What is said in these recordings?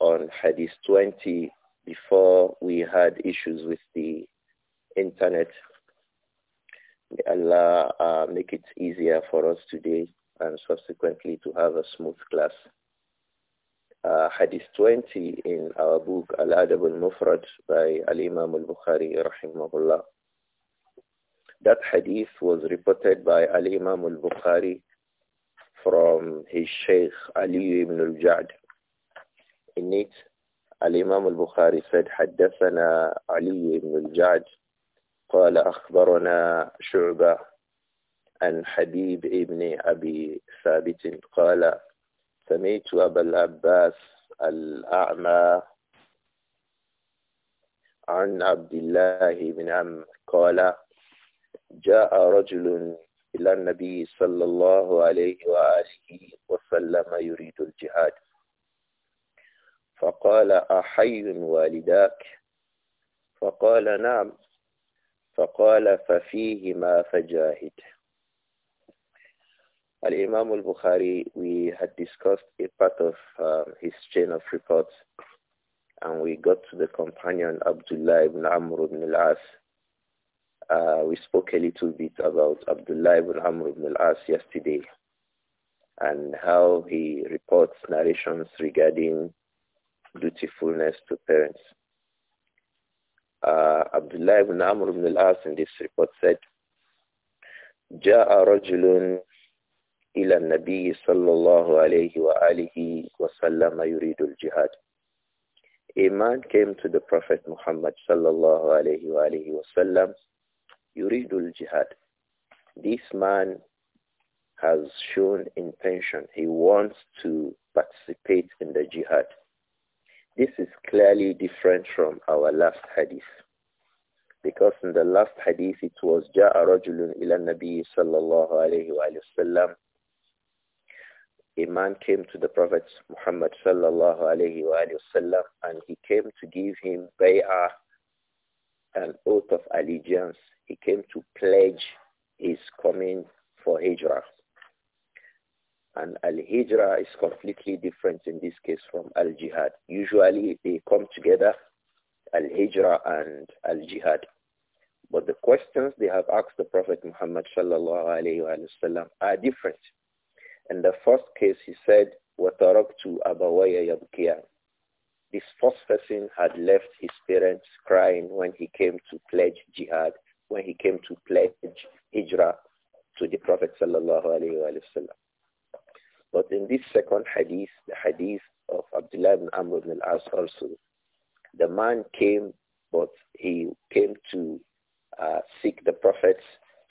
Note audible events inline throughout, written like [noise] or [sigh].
on Hadith 20 before we had issues with the internet. May Allah uh, make it easier for us today and subsequently to have a smooth class. Uh, hadith 20 in our book Al-Adab al-Mufrad by Al-Imam al-Bukhari rahimahullah. That hadith was reported by Al-Imam al-Bukhari from his Sheikh Ali ibn al ja النيت الإمام البخاري فد حدثنا علي بن الجعد قال أخبرنا شعبة عن حبيب ابن أبي ثابت قال سمعت أبا العباس الأعمى عن عبد الله بن عم قال جاء رجل إلى النبي صلى الله عليه وآله وسلم يريد الجهاد فقال أحي والداك فقال نعم فقال ففيهما فجاهد Al-Imam we had discussed a part of uh, his chain of reports and we got to the companion Abdullah ibn Amr ibn al-As. Uh, we spoke a little bit about Abdullah ibn Amr ibn al-As yesterday and how he reports narrations regarding dutifulness to parents. Uh, Abdullah ibn Amr ibn al-As in this report said, جاء رجل إلى النبي صلى الله عليه وآله وسلم يريد الجهاد. A man came to the Prophet Muhammad صلى الله عليه وآله وسلم يريد الجهاد. This man has shown intention. He wants to participate in the jihad. This is clearly different from our last hadith. Because in the last hadith it was جَاءَ رَجُلٌ إِلَى النَّبِيِّ صَلَّى A man came to the Prophet Muhammad sallallahu alayhi wa sallam and he came to give him bay'ah, an oath of allegiance. He came to pledge his coming for hijrah and al-hijra is completely different in this case from al-jihad. Usually they come together, al-hijra and al-jihad. But the questions they have asked the Prophet Muhammad sallallahu alayhi wa are different. In the first case, he said, وَتَرَكْتُ أَبَوَيَ يَبْكِيَانِ This first person had left his parents crying when he came to pledge jihad, when he came to pledge hijrah to the Prophet sallallahu alayhi wa sallam. But in this second hadith, the hadith of Abdullah ibn Amr ibn al-As also, the man came, but he came to uh, seek the Prophet's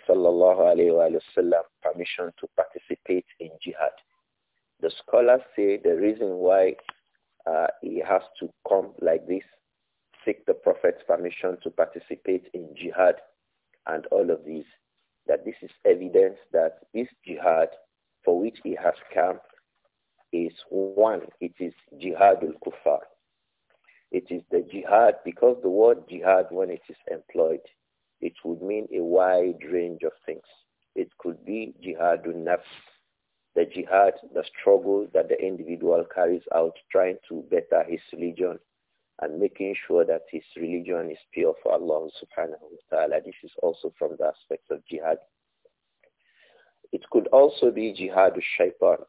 sallallahu alayhi wa permission to participate in jihad. The scholars say the reason why uh, he has to come like this, seek the Prophet's permission to participate in jihad and all of these, that this is evidence that this jihad for which he has come is one. It is jihad al-kuffar. kuffar. It is the jihad because the word jihad, when it is employed, it would mean a wide range of things. It could be jihadun nafs, the jihad, the struggle that the individual carries out trying to better his religion and making sure that his religion is pure for Allah subhanahu wa ta'ala. This is also from the aspects of jihad. It could also be jihad shaitan.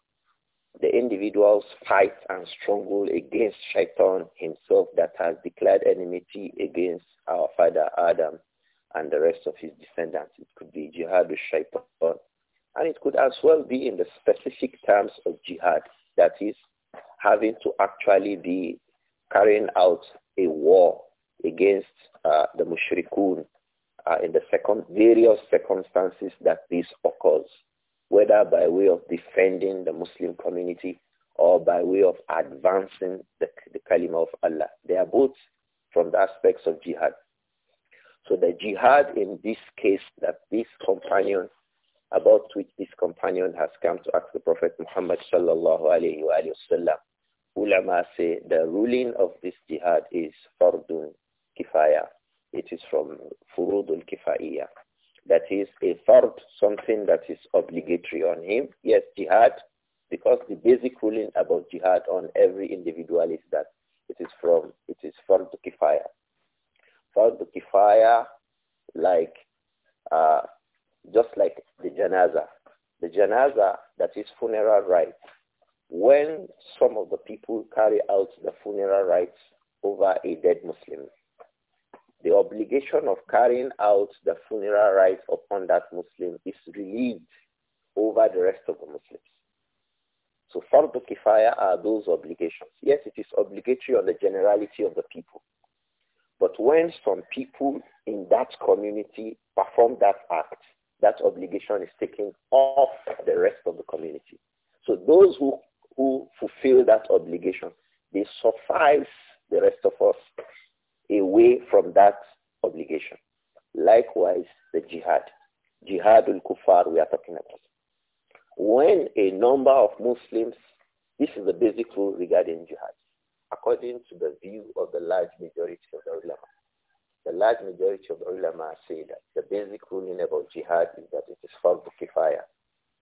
The individual's fight and struggle against shaitan himself that has declared enmity against our father Adam and the rest of his descendants. It could be jihad shaitan. And it could as well be in the specific terms of jihad, that is, having to actually be carrying out a war against uh, the mushrikun uh, in the second, various circumstances that this occurs whether by way of defending the Muslim community or by way of advancing the, the kalima of Allah. They are both from the aspects of jihad. So the jihad in this case that this companion, about which this companion has come to ask the Prophet Muhammad sallallahu alayhi wa sallam, ulama say the ruling of this jihad is fardun kifaya. It is from furudul kifaiya that is a fard, something that is obligatory on him. Yes, jihad, because the basic ruling about jihad on every individual is that it is from, it is fard kifaya. Fard kifaya, like, uh, just like the janaza. The janaza, that is funeral rites. When some of the people carry out the funeral rites over a dead Muslim, the obligation of carrying out the funeral rites upon that Muslim is relieved over the rest of the Muslims. So fardu kifaya are those obligations. Yes, it is obligatory on the generality of the people. But when some people in that community perform that act, that obligation is taken off the rest of the community. So those who, who fulfill that obligation, they suffice the rest of us away from that obligation. Likewise, the jihad. Jihad al-Kufar we are talking about. When a number of Muslims, this is the basic rule regarding jihad, according to the view of the large majority of the ulama. The large majority of the ulama say that the basic ruling about jihad is that it is fardu kifaya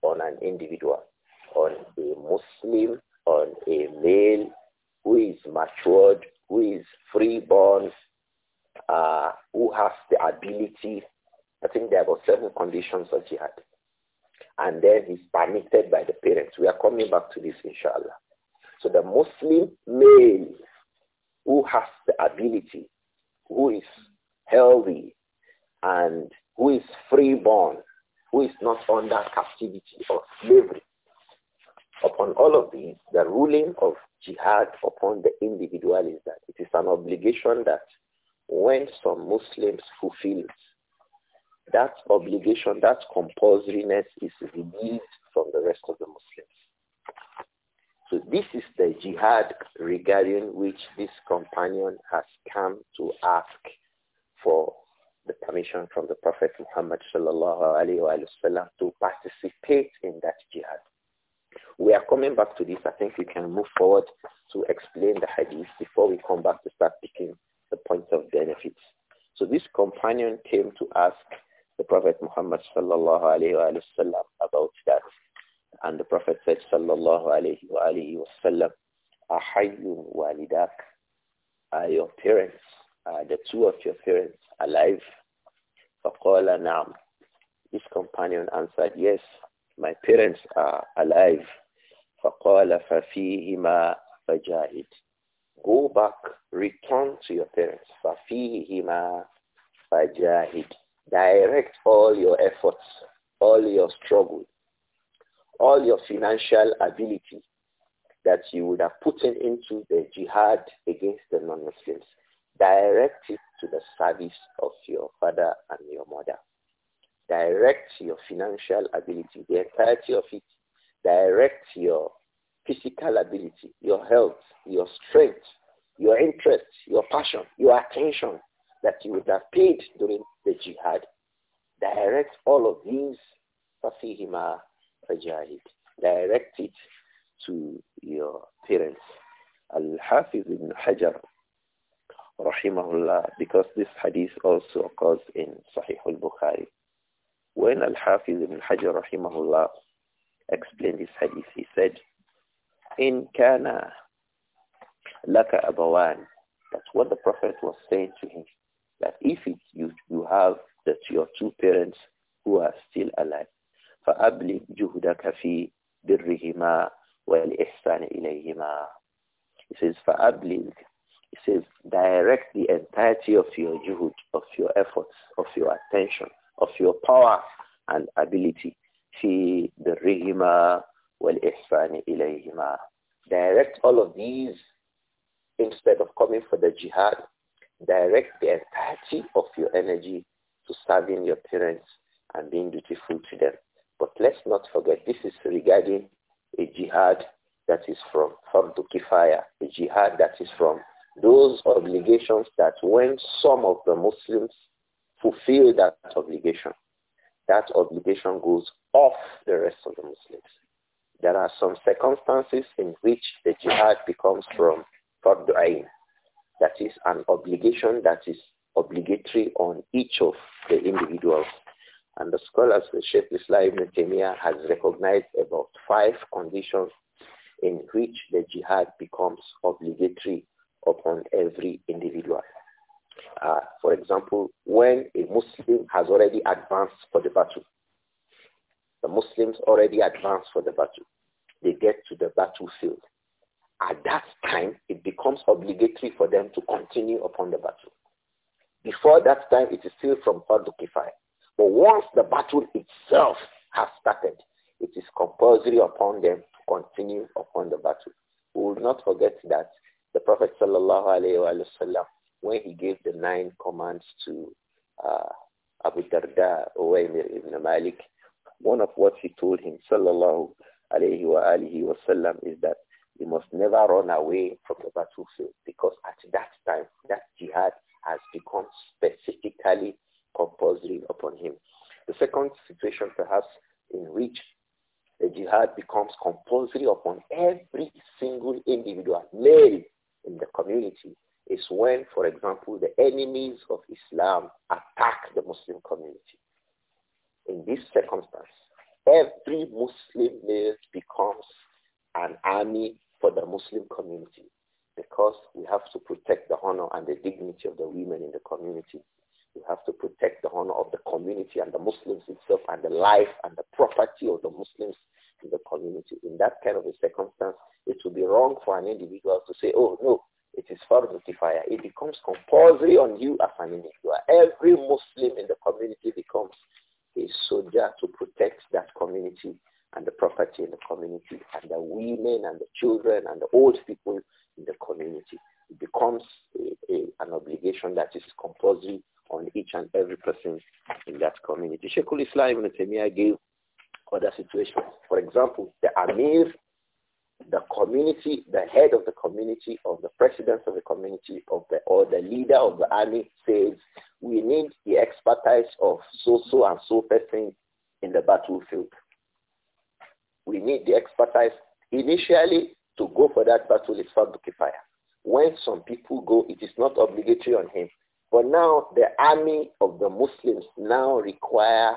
on an individual, on a Muslim, on a male who is matured, who is freeborn, uh, who has the ability. I think there were seven conditions that he had, And then he's permitted by the parents. We are coming back to this, inshallah. So the Muslim male who has the ability, who is healthy, and who is freeborn, who is not under captivity or slavery. Upon all of these, the ruling of jihad upon the individual is that it is an obligation that when some Muslims fulfills, that obligation, that compulsoriness is removed from the rest of the Muslims. So this is the jihad regarding which this companion has come to ask for the permission from the Prophet Muhammad sallallahu alaihi wasallam to participate in that jihad. We are coming back to this. I think we can move forward to explain the hadith before we come back to start picking the points of benefits. So this companion came to ask the Prophet Muhammad sallallahu alayhi wa sallam about that. And the Prophet said sallallahu alayhi wa wa sallam, walidak, are your parents, are the two of your parents alive? فَقَالَ نَعْمُ companion answered, yes, my parents are alive. فَقَالَ فَفِيهِمَا فَجَاهِدْ Go back, return to your parents. فَفِيهِمَا فَجَاهِدْ Direct all your efforts, all your struggle, all your financial ability that you would have put into the jihad against the non-Muslims. Direct it to the service of your father and your mother direct your financial ability, the entirety of it, direct your physical ability, your health, your strength, your interest, your passion, your attention that you would have paid during the jihad. Direct all of these فَفِيهِمَا فَجَاهِدْ Direct it to your parents. Al-Hafiz ibn Hajar rahimahullah because this hadith also occurs in Sahih al-Bukhari. When Al-Hafiz ibn Hajar rahimahullah explained this hadith, he said, In kana laka abawan. That's what the Prophet was saying to him. That if it, you, you have that your two parents who are still alive, فأبلغ جهدك في برهما والإحسان إليهما. He says, فأبلغ it says, direct the entirety of your juhud, of your efforts, of your attention of your power and ability. في برهما والإحسان إليهما. Direct all of these instead of coming for the jihad. Direct the entirety of your energy to serving your parents and being dutiful to them. But let's not forget, this is regarding a jihad that is from Fardu Kifaya, a jihad that is from those obligations that when some of the Muslims fulfill that obligation. That obligation goes off the rest of the Muslims. There are some circumstances in which the jihad becomes from Fardu'ain. That is an obligation that is obligatory on each of the individuals. And the scholars, Sheikh Islam Ibn Taymiyyah has recognized about five conditions in which the jihad becomes obligatory upon every individual. Uh, for example, when a Muslim has already advanced for the battle, the Muslims already advanced for the battle. They get to the battlefield. At that time, it becomes obligatory for them to continue upon the battle. Before that time, it is still from Fardu Kifaya. But once the battle itself has started, it is compulsory upon them to continue upon the battle. We will not forget that the Prophet sallallahu alaihi wasallam when he gave the nine commands to uh, Abu Darda, Uwaymir ibn Malik, one of what he told him, sallallahu alayhi wa alihi wasallam, is that you must never run away from the battlefield because at that time, that jihad has become specifically compulsory upon him. The second situation perhaps in which the jihad becomes compulsory upon every single individual, male, for example, the enemies of Islam attack the Muslim community. In this circumstance, every Muslim male becomes an army for the Muslim community because we have to protect the honor and the dignity of the women in the community. We have to protect the honor of the community and the Muslims itself and the life and the property of the Muslims in the community. In that kind of a circumstance, it would be wrong for an individual to say, oh, no, you as an individual. Every Muslim in the community becomes a soldier to protect that community and the property in the community and the women and the children and the old people in the community. It becomes a, a, an obligation that is compulsory on each and every person in that community. Sheikhul Islam Ibn Taymiyyah gave other situations. For example, the Amir, the community, the head of the community or the president of the community or the leader of the army says, we need the expertise of so-so and so person in the battlefield. We need the expertise. Initially, to go for that battle is Fardu When some people go, it is not obligatory on him. But now the army of the Muslims now require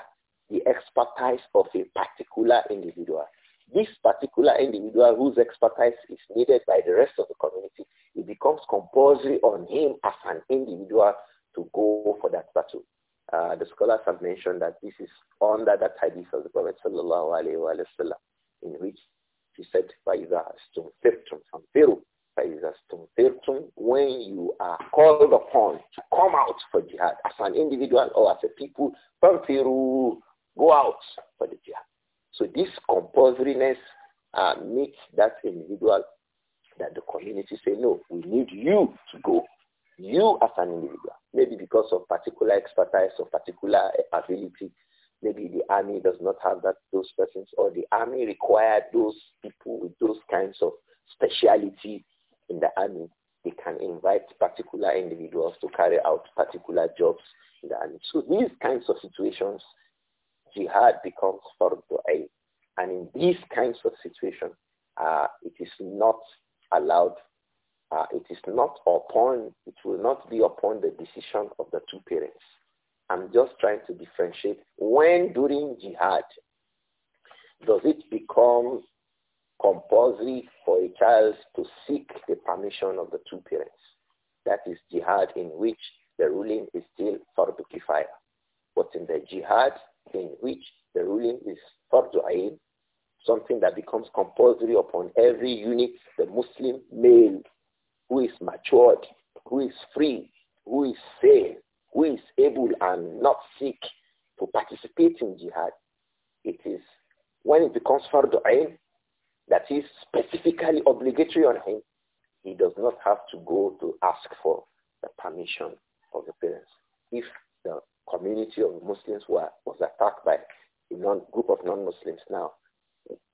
the expertise of a particular individual this particular individual whose expertise is needed by the rest of the community, it becomes compulsory on him as an individual to go for that battle. Uh, the scholars have mentioned that this is under that hadith of the Prophet sallallahu alaihi wasallam, in which he said, the stumfirtum samfiru, faiza stumfirtum." When you are called upon to come out for jihad as an individual or as a people, samfiru, go out for the jihad. So this compulsoriness uh, makes that individual that the community say, no, we need you to go. You as an individual. Maybe because of particular expertise or particular ability. Maybe the army does not have that those persons or the army require those people with those kinds of speciality in the army. They can invite particular individuals to carry out particular jobs in the army. So these kinds of situations jihad becomes fardu ain. And in these kinds of situations, uh, it is not allowed. Uh, it is not upon, it will not be upon the decision of the two parents. I'm just trying to differentiate when during jihad does it become compulsory for a child to seek the permission of the two parents. That is jihad in which the ruling is still the kifaya. But in the jihad which the ruling is fardu'ain, something that becomes compulsory upon every unit, the Muslim male who is matured, who is free, who is sane, who is able and not sick to participate in jihad. It is when it becomes fardu'ain, that is specifically obligatory on him, he does not have to go to ask for the permission of the parents if the community of Muslims was attacked by a non, group of non-Muslims now,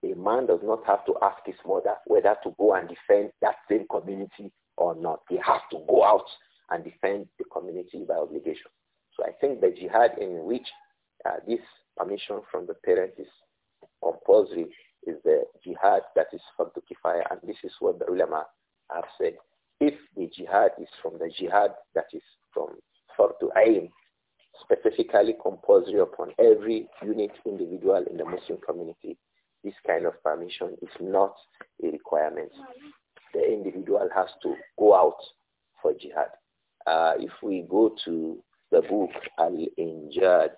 a man does not have to ask his mother whether to go and defend that same community or not. He has to go out and defend the community by obligation. So I think the jihad in which uh, this permission from the parents is compulsory is the jihad that is from the kifaya. And this is what the ulama have said. If the jihad is from the jihad that is from Fardu Ain, specifically compulsory upon every unique individual in the Muslim community, this kind of permission is not a requirement. The individual has to go out for jihad. Uh, if we go to the book Al-Injad,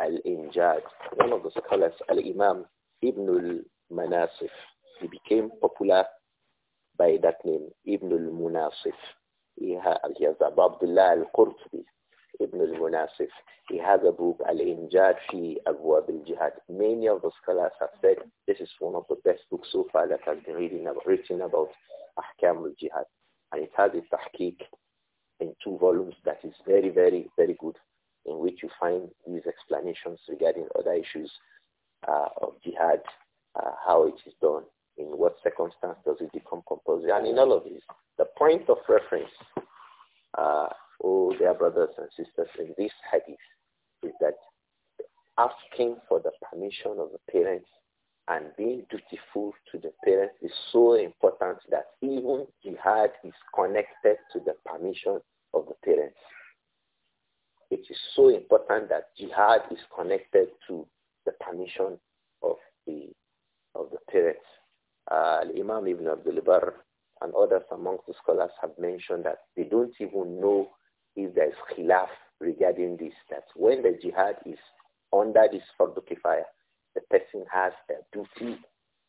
Al-Injad, one of the scholars, Al-Imam Ibn al-Manasif, he became popular by that name, Ibn al-Munasif. He, had he has Abu Abdullah al-Qurtubi, Ibn al-Munasif. He has a book, Al-Injad fi Abwab al-Jihad. Many of the scholars have said this is one of the best books so far that has been reading, written about Ahkam al-Jihad. And it has a tahqiq in two volumes that is very, very, very good, in which you find these explanations regarding other issues uh, of jihad, uh, how it is done, in what circumstance does it become compulsory, and in all of this. The point of reference uh, all their brothers and sisters, in this hadith is that asking for the permission of the parents and being dutiful to the parents is so important that even jihad is connected to the permission of the parents. It is so important that jihad is connected to the permission of the of the parents. Uh, Imam Ibn Abdul Barr and others amongst the scholars have mentioned that they don't even know if there is khilaf regarding this, that when the jihad is under this fardu the person has a duty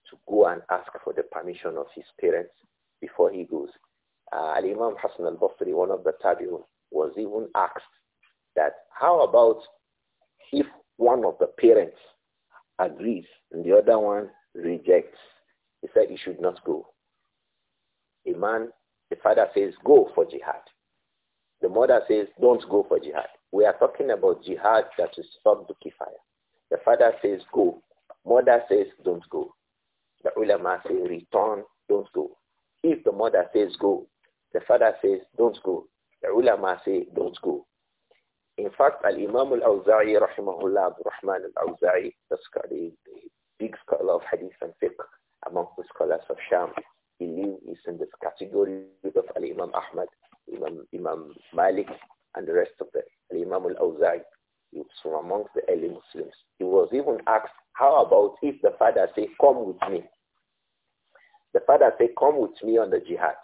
to go and ask for the permission of his parents before he goes. Uh, Al-Imam Hassan al-Basri, one of the tabi'un, was even asked that how about if one of the parents agrees and the other one rejects? He said he should not go. A man, the father says, go for jihad. The mother says, don't go for jihad. We are talking about jihad that is fardu kifaya. The father says, go. Mother says, don't go. The ulama say, return, don't go. If the mother says, go, the father says, don't go. The ulama say, don't go. In fact, Al-Imam Al-Awza'i, rahimahullah, Rahman Al-Awza'i, the, the big scholar of hadith and fiqh among the scholars of Sham, he lives in this category of Al-Imam Ahmad Imam, Imam Malik, and the rest of the Imam al-Awza'i, he was from amongst the early Muslims. He was even asked, how about if the father say, come with me? The father say, come with me on the jihad.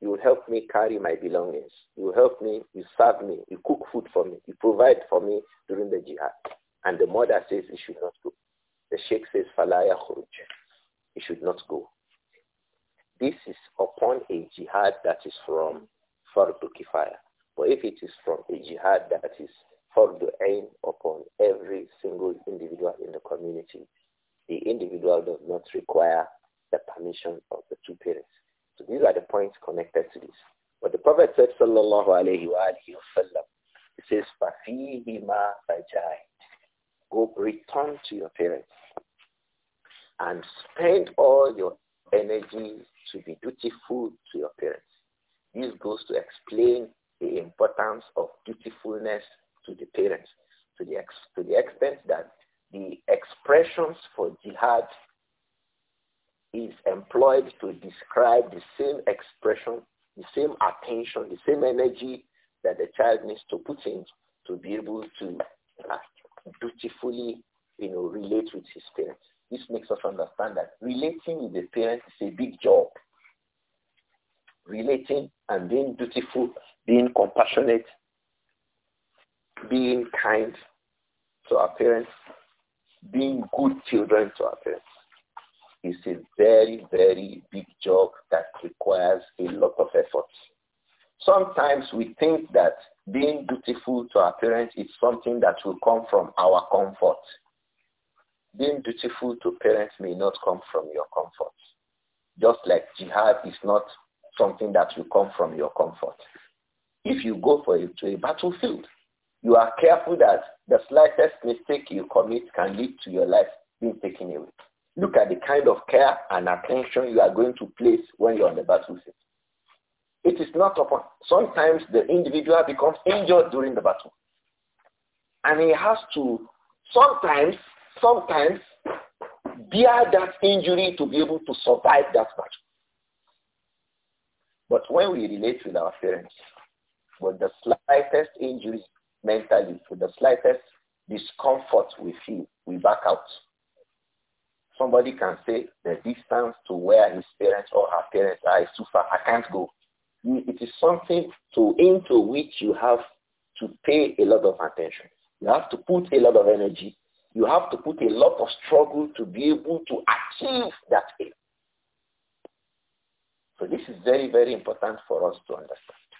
You will help me carry my belongings. You will help me, you serve me, you cook food for me, you provide for me during the jihad. And the mother says he should not go. The sheikh says, Falaya khuruj. He should not go. This is upon a jihad that is from fardu kifaya. But if it is from a jihad that is fardu ain upon every single individual in the community, the individual does not require the permission of the two parents. So these are the points connected to this. But the Prophet said, sallallahu alayhi wa alayhi wa sallam, he says, فَفِيهِمَا فَجَاهِدْ Go return to your parents and spend all your energy to be dutiful to your parents. This goes to explain the importance of dutifulness to the parents, to the, ex, to the extent that the expressions for jihad is employed to describe the same expression, the same attention, the same energy that the child needs to put in to be able to uh, dutifully, you know, relate with his parents. This makes us understand that relating with the parents is a big job relating and being dutiful, being compassionate, being kind to our parents, being good children to our parents is a very, very big job that requires a lot of effort. Sometimes we think that being dutiful to our parents is something that will come from our comfort. Being dutiful to parents may not come from your comfort. Just like jihad is not something that will come from your comfort. If you go for a, to a battlefield, you are careful that the slightest mistake you commit can lead to your life being taken away. Look at the kind of care and attention you are going to place when you're on the battlefield. It is not upon. Sometimes the individual becomes injured during the battle. And he has to sometimes, sometimes bear that injury to be able to survive that battle. But when we relate with our parents, with the slightest injury mentally, with the slightest discomfort we feel, we back out. Somebody can say the distance to where his parents or her parents are is too far. I can't go. It is something to into which you have to pay a lot of attention. You have to put a lot of energy. You have to put a lot of struggle to be able to achieve that aim. So this is very, very important for us to understand.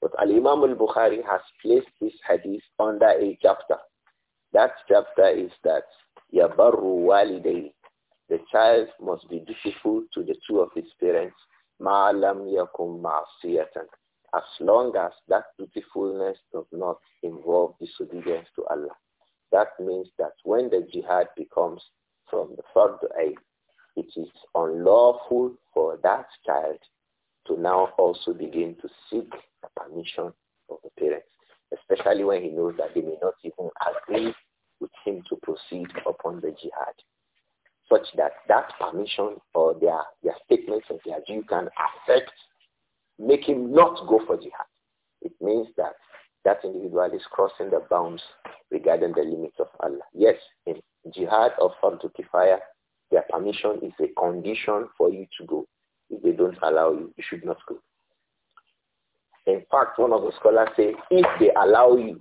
But Al-Imam al-Bukhari has placed this hadith under a chapter. That chapter is that Yabarru Waliday. The child must be dutiful to the two of his parents. Ma'alam yakum ma'asiyatan. As long as that dutifulness does not involve disobedience to Allah. That means that when the jihad becomes from the third aid, it is unlawful for that child to now also begin to seek the permission of the parents, especially when he knows that they may not even agree with him to proceed upon the jihad, such that that permission or their, their statements of their view can affect, make him not go for jihad. It means that that individual is crossing the bounds regarding the limits of Allah. Yes, in jihad or to kifaya, their permission is a condition for you to go. If they don't allow you, you should not go. In fact, one of the scholars say, if they allow you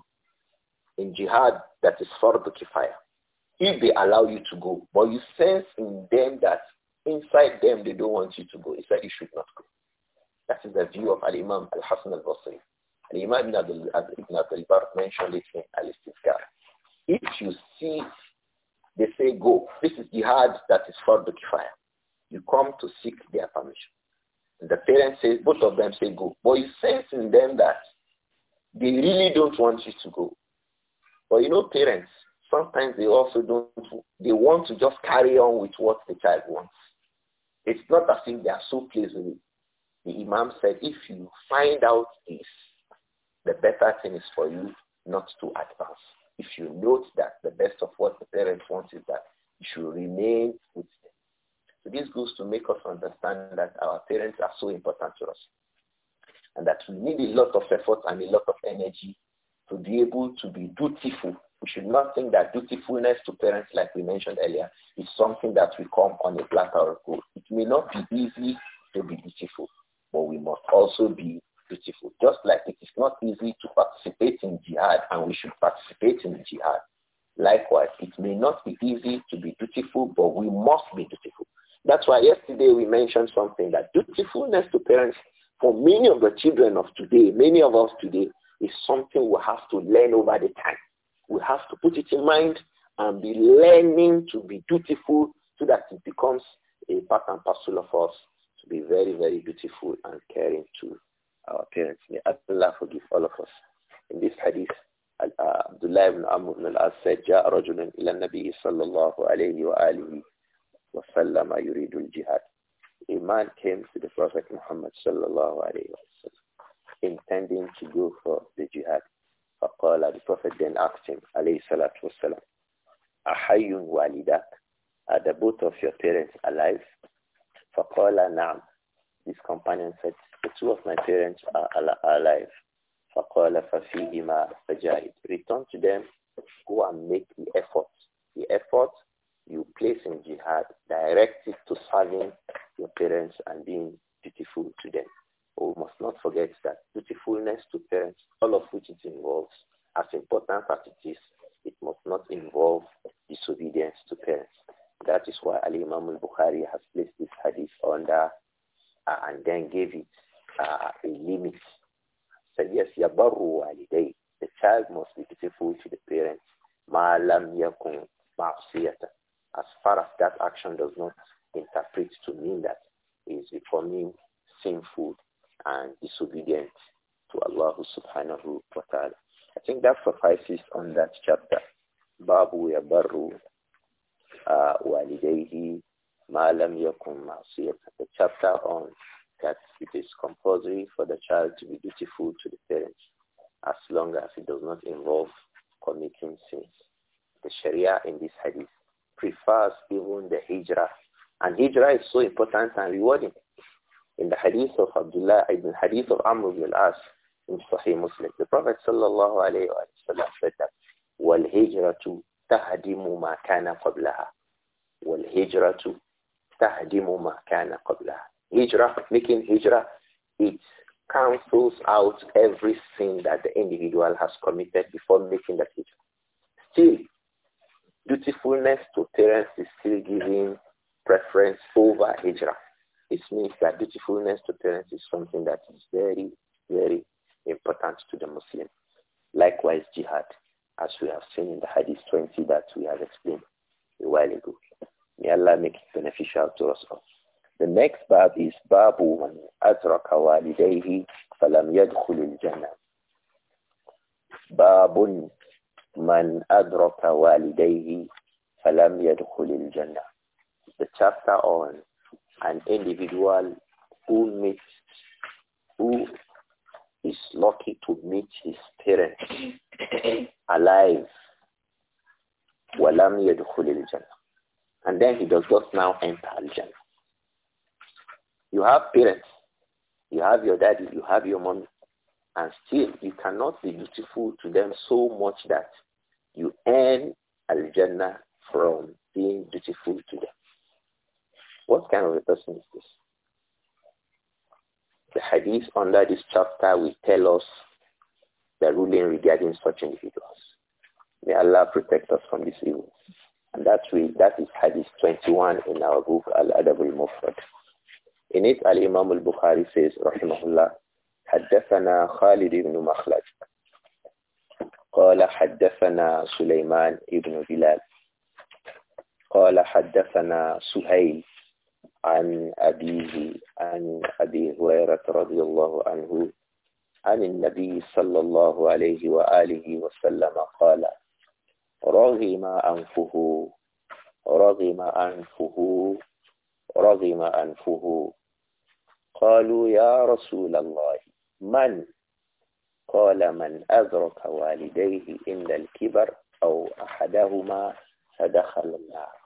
in jihad, that is for the kifaya. If they allow you to go, but you sense in them that inside them they don't want you to go, it's said you should not go. That is the view of Al-Imam Al-Hasan Al-Basri. Al-Imam Ibn Abdul Bar mentioned it in Al-Istizkar. If you see they say go. This is jihad that is for the kifaya. You come to seek their permission. And the parents say, both of them say go. But you sense in them that they really don't want you to go. But you know parents, sometimes they also don't, they want to just carry on with what the child wants. It's not as if they are so pleased with it. The Imam said, if you find out this, the better thing is for you not to advance you note that the best of what the parents want is that you should remain with them. So this goes to make us understand that our parents are so important to us and that we need a lot of effort and a lot of energy to be able to be dutiful. We should not think that dutifulness to parents, like we mentioned earlier, is something that will come on a platter of gold. It may not be easy to be dutiful, but we must also be dutiful. Just like not easy to participate in jihad and we should participate in jihad. Likewise, it may not be easy to be dutiful, but we must be dutiful. That's why yesterday we mentioned something that dutifulness to parents for many of the children of today, many of us today, is something we have to learn over the time. We have to put it in mind and be learning to be dutiful so that it becomes a part and parcel of us رجل إلى النبي صلى الله عليه وآله وسلم يريد الجهاد. A man came to the Prophet Muhammad صلى الله عليه وسلم intending to go for the jihad. فقال the Prophet then asked him عليه الصلاة والسلام أحي والدك Are the both of your parents alive? فقال نعم His companion said, the two of my parents are alive. ta'ala. I think that suffices on that chapter. Babu ya baru uh, walidayhi ma lam The chapter on that it is compulsory for the child to be dutiful to the parents as long as it does not involve committing sins. The Sharia in this hadith prefers even the hijrah. And hijrah is so important and rewarding. In the hadith of Abdullah, in the hadith of Amr ibn al-As, in Sahih Muslim. The Prophet sallallahu alayhi wa said that, وَالْهِجْرَةُ تَهْدِمُ مَا كَانَ قَبْلَهَا وَالْهِجْرَةُ تَهْدِمُ مَا كَانَ قَبْلَهَا making hijra, it cancels out every sin that the individual has committed before making that hijra. Still, dutifulness to parents is still giving preference over hijra. It means that dutifulness to parents is something that is very, very important to the Muslim. Likewise, jihad, as we have seen in the Hadith 20 that we have explained a while ago. May Allah make it beneficial to us all. The next bab is Babu man azraka walidayhi falam yadkhul jannah Babun man adraka walidayhi falam yadkhul jannah The chapter on an individual who meets, who is lucky to meet his parents [laughs] alive. And then he does not now enter al-jannah. You have parents, you have your daddy, you have your mom, and still you cannot be dutiful to them so much that you earn al-jannah from being dutiful to them. What kind of a person is this? The hadith under this chapter will tell us the ruling regarding such individuals. May Allah protect us from this evil. And that, we that is Hadith 21 in our book, Al-Adab al-Mufrad. In it, Al-Imam al-Bukhari says, Rahimahullah, حدثنا Khalid بن مخلد قال حدثنا سليمان بن بلال قال حدثنا سهيل عن أبيه عن أبي هريرة رضي الله عنه عن النبي صلى الله عليه وآله وسلم قال رغم أنفه رغم أنفه رغم أنفه قالوا يا رسول الله من قال من أدرك والديه إن الكبر أو أحدهما فدخل النار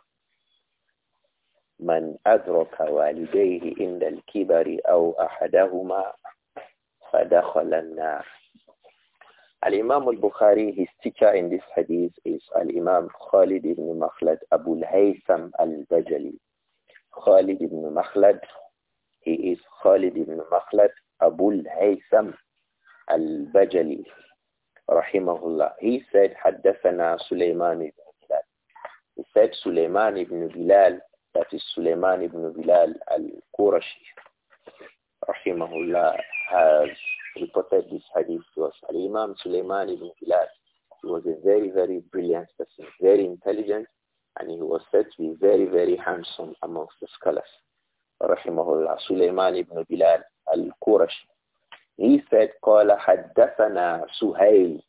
من أدرك والديه عند الكبر أو أحدهما فدخل النار الإمام البخاري his teacher in this hadith is الإمام خالد بن مخلد أبو الهيثم البجلي خالد بن مخلد he is خالد بن مخلد أبو الهيثم البجلي رحمه الله he said حدثنا سليمان بن بلال he said سليمان بن بلال That is Suleiman ibn Bilal al-Qurashi, rahimahullah, has reported this hadith to us. Al-Imam Suleiman ibn Bilal, he was a very, very brilliant person, very intelligent, and he was said to be very, very handsome amongst the scholars. Rahimahullah, Suleiman ibn Bilal al-Qurashi. He said, قال حدثنا سهيل.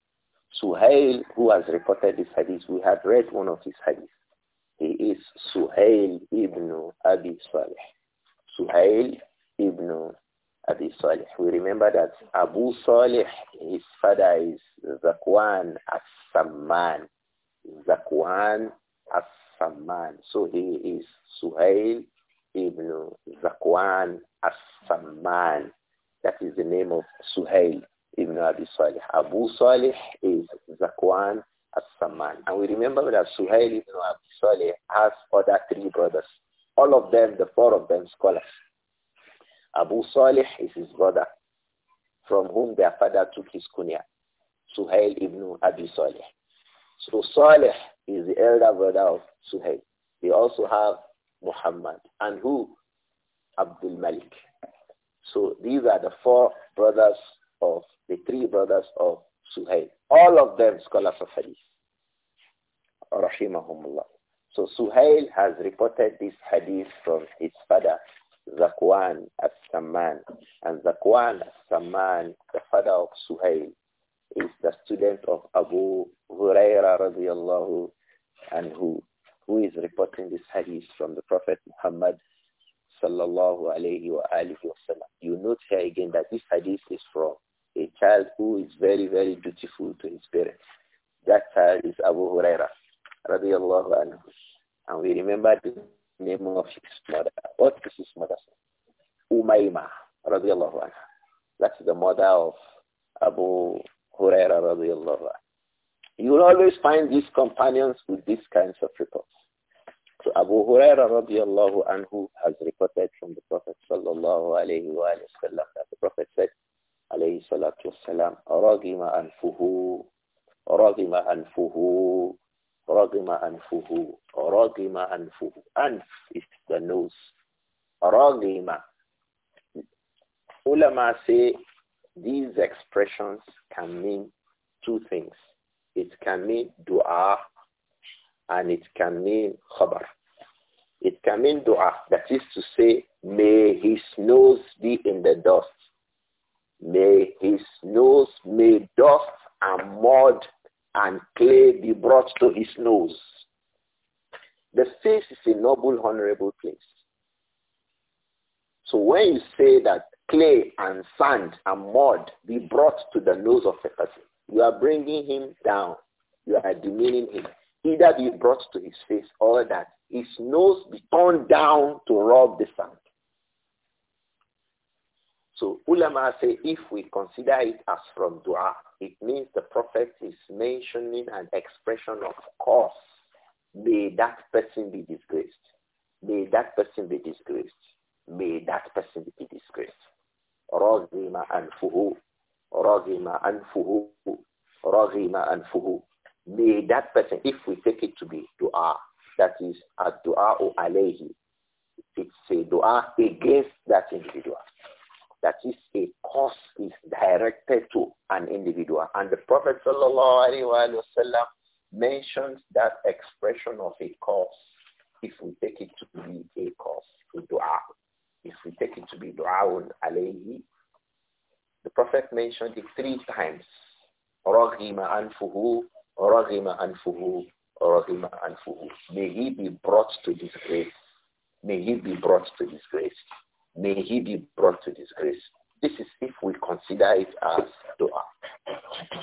سهيل who has reported this hadith, we have read one of his hadiths. He is Suhail ibn Abi Salih. Suhail ibn Abi Salih. We remember that Abu Salih, his father is Zakwan as-Samman. Zakwan as-Samman. So he is Suhail ibn Zakwan as-Samman. That is the name of Suhail ibn Abi Salih. Abu Salih is Zakwan and we remember that Suhail ibn Abi Saleh has other three brothers. All of them, the four of them, scholars. Abu Saleh is his brother, from whom their father took his kunya, Suhail ibn Abi Saleh. So Saleh is the elder brother of Suhail. They also have Muhammad. And who? Abdul Malik. So these are the four brothers of, the three brothers of Suhail. All of them scholars of Hadith rahimahumullah. So Suhail has reported this hadith from his father, Zakwan as-Samman. And Zakwan as-Samman, the father of Suhail, is the student of Abu Huraira radiallahu anhu, who is reporting this hadith from the Prophet Muhammad sallallahu alayhi wa alihi wasallam. You note here again that this hadith is from a child who is very, very dutiful to his parents. That child is Abu Huraira radiallahu anhu. And we remember the name of his mother. What is his mother's name? Umayma radiallahu anhu. That's the mother of Abu Huraira radiallahu anhu. You will always find these companions with these kinds of reports. So Abu Huraira radiallahu anhu has reported from the Prophet sallallahu alayhi wa sallam that the Prophet said alayhi salatu wasalam, رَغِمَ anfuhu, رَغِمَ anfuhu." Ragima anfuhu. Ragima anfuhu. Anf is the nose. Ragima. Ulama say these expressions can mean two things. It can mean dua and it can mean khabar. It can mean dua. That is to say, may his nose be in the dust. May his nose, may dust and mud and clay be brought to his nose. The face is a noble, honorable place. So when you say that clay and sand and mud be brought to the nose of a person, you are bringing him down. You are demeaning him. Either be brought to his face or that his nose be turned down to rub the sand. So ulama say if we consider it as from dua, it means the prophet is mentioning an expression of course, May that person be disgraced. May that person be disgraced. May that person be disgraced. Razima anfuhu. Razima anfuhu. Razima anfuhu. May that person, if we take it to be dua, that is a dua alayhi. It's a dua against that individual. That is a cause is directed to an individual. And the Prophet wasallam mentions that expression of a cause if we take it to be a cause, to dua. If we take it to be du'aun alayhi, the Prophet mentioned it three times. Raghima anfuhu, raghima anfuhu, raghima anfuhu. May he be brought to disgrace. May he be brought to disgrace. May he be brought to disgrace. This is if we consider it as dua.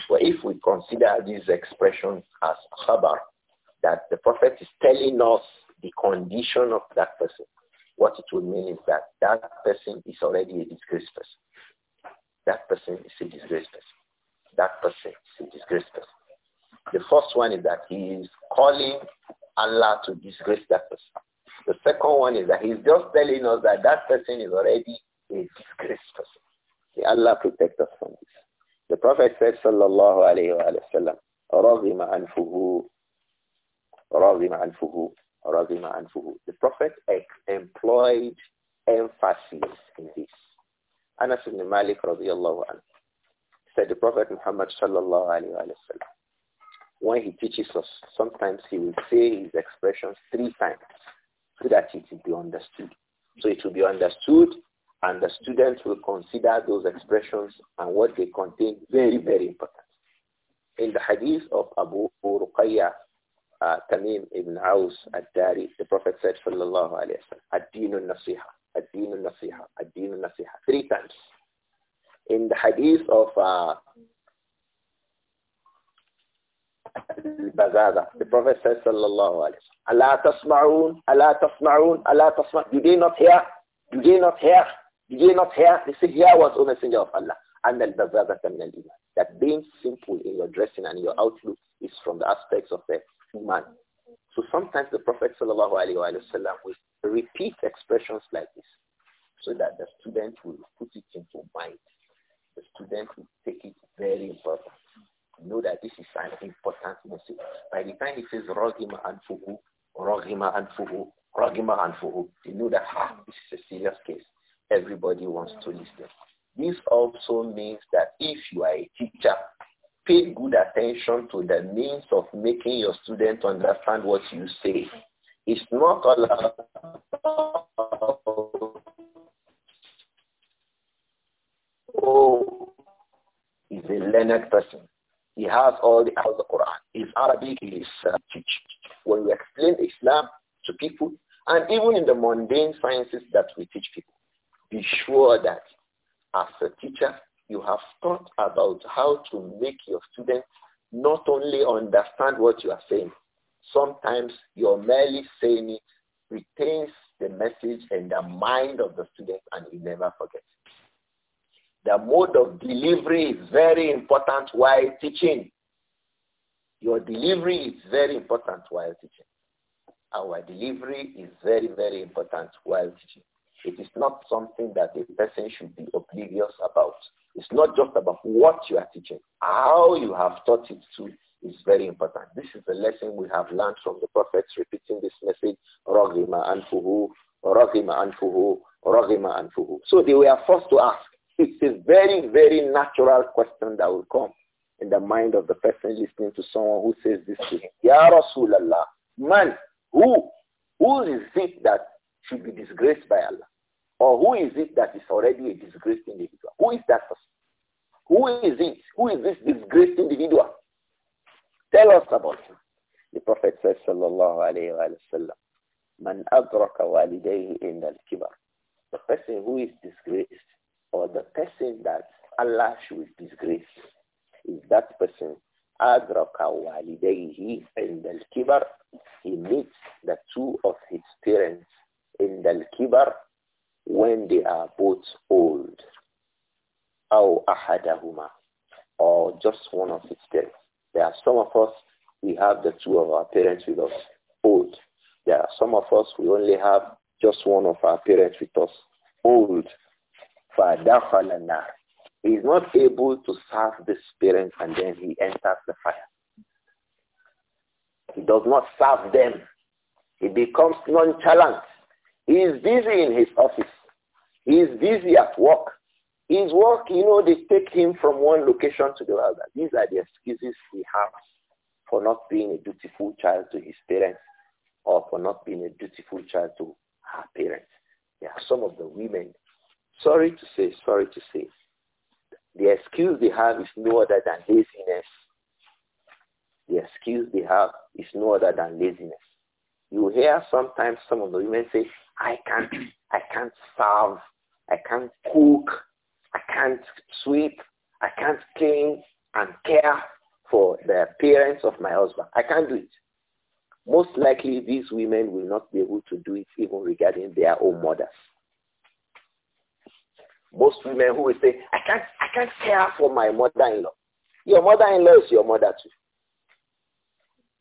But if we consider these expressions as khabar, that the Prophet is telling us the condition of that person, what it would mean is that that person is already a disgraced person. That person is a disgraced person. That person is a disgraced person. The first one is that he is calling Allah to disgrace that person. The second one is that he's just telling us that that person is already a disgraced person. May Allah protect us from this. The Prophet said, sallallahu alayhi wa sallam, رَغِمَ أَنْفُهُ رَغِمَ أَنْفُهُ The Prophet employed emphasis in this. Anas ibn Malik radiallahu anhu said the Prophet Muhammad sallallahu alayhi wa sallam, when he teaches us, sometimes he will say his expressions three times so that it will be understood. So it will be understood and the students will consider those expressions and what they contain very, very important. In the hadith of Abu Ruqayya, uh, Tamim ibn Aus al-Dari, the Prophet said, sallallahu alayhi wa sallam, ad nasiha, ad-dinu nasiha, ad-dinu nasiha, three times. In the hadith of uh, bazaza. The Prophet says, sallallahu alayhi wa sallam, Allah tasma'un, Allah tasma'un, Allah tasma'un. Do they not hear? Do they not hear? Do they not hear? They say, here was O Messenger of Allah. And al-bazaza min al That being simple in your dressing and your outlook is from the aspects of the iman. So sometimes the Prophet sallallahu alaihi wasallam will repeat expressions like this so that the student will put it into mind. The student will take it very important know that this is an important message. By the time he says Rogima and Fuhu, Rogima and Fuhu, Rogima and Fuhu, he know that ah, this is a serious case. Everybody wants to listen. This also means that if you are a teacher, pay good attention to the means of making your students understand what you say. It's not all about, oh, he's a learned person. He has all the Al the Quran. His Arabic is uh, teach. When we explain Islam to people, and even in the mundane sciences that we teach people, be sure that as a teacher, you have thought about how to make your students not only understand what you are saying, sometimes you're merely saying it retains the message in the mind of the student and he never forgets. The mode of delivery is very important while teaching. Your delivery is very important while teaching. Our delivery is very, very important while teaching. It is not something that a person should be oblivious about. It's not just about what you are teaching. How you have taught it to is very important. This is the lesson we have learned from the prophets repeating this message, Rogima and Fuhu, Rogima and Fuhu. So they were forced to ask, it's a very, very natural question that will come in the mind of the person listening to someone who says this to him. Ya Rasulallah, man, who? Who is it that should be disgraced by Allah? Or who is it that is already a disgraced individual? Who is that person? Who is it? Who is this disgraced individual? Tell us about him. The Prophet says, Sallallahu Alaihi Wasallam, Man adraka walidayhi in al-kibar. The person who is disgraced or the person that Allah should disgrace is that person adraka walidayhi in the kibar he meets the two of his parents in the kibar when they are both old aw ahadahuma or just one of his parents there are some of us we have the two of our parents with us old there are some of us we only have just one of our parents with us old he is not able to serve the parents and then he enters the fire. He does not serve them. He becomes nonchalant. He is busy in his office. He is busy at work. His work, you know, they take him from one location to the other. These are the excuses he has for not being a dutiful child to his parents or for not being a dutiful child to her parents. There are some of the women Sorry to say, sorry to say. The excuse they have is no other than laziness. The excuse they have is no other than laziness. You hear sometimes some of the women say, I can't, I can't serve, I can't cook, I can't sweep, I can't clean and care for the parents of my husband. I can't do it. Most likely these women will not be able to do it even regarding their own mothers. Most women who will say, I can't, I can't care for my mother-in-law. Your mother-in-law is your mother too.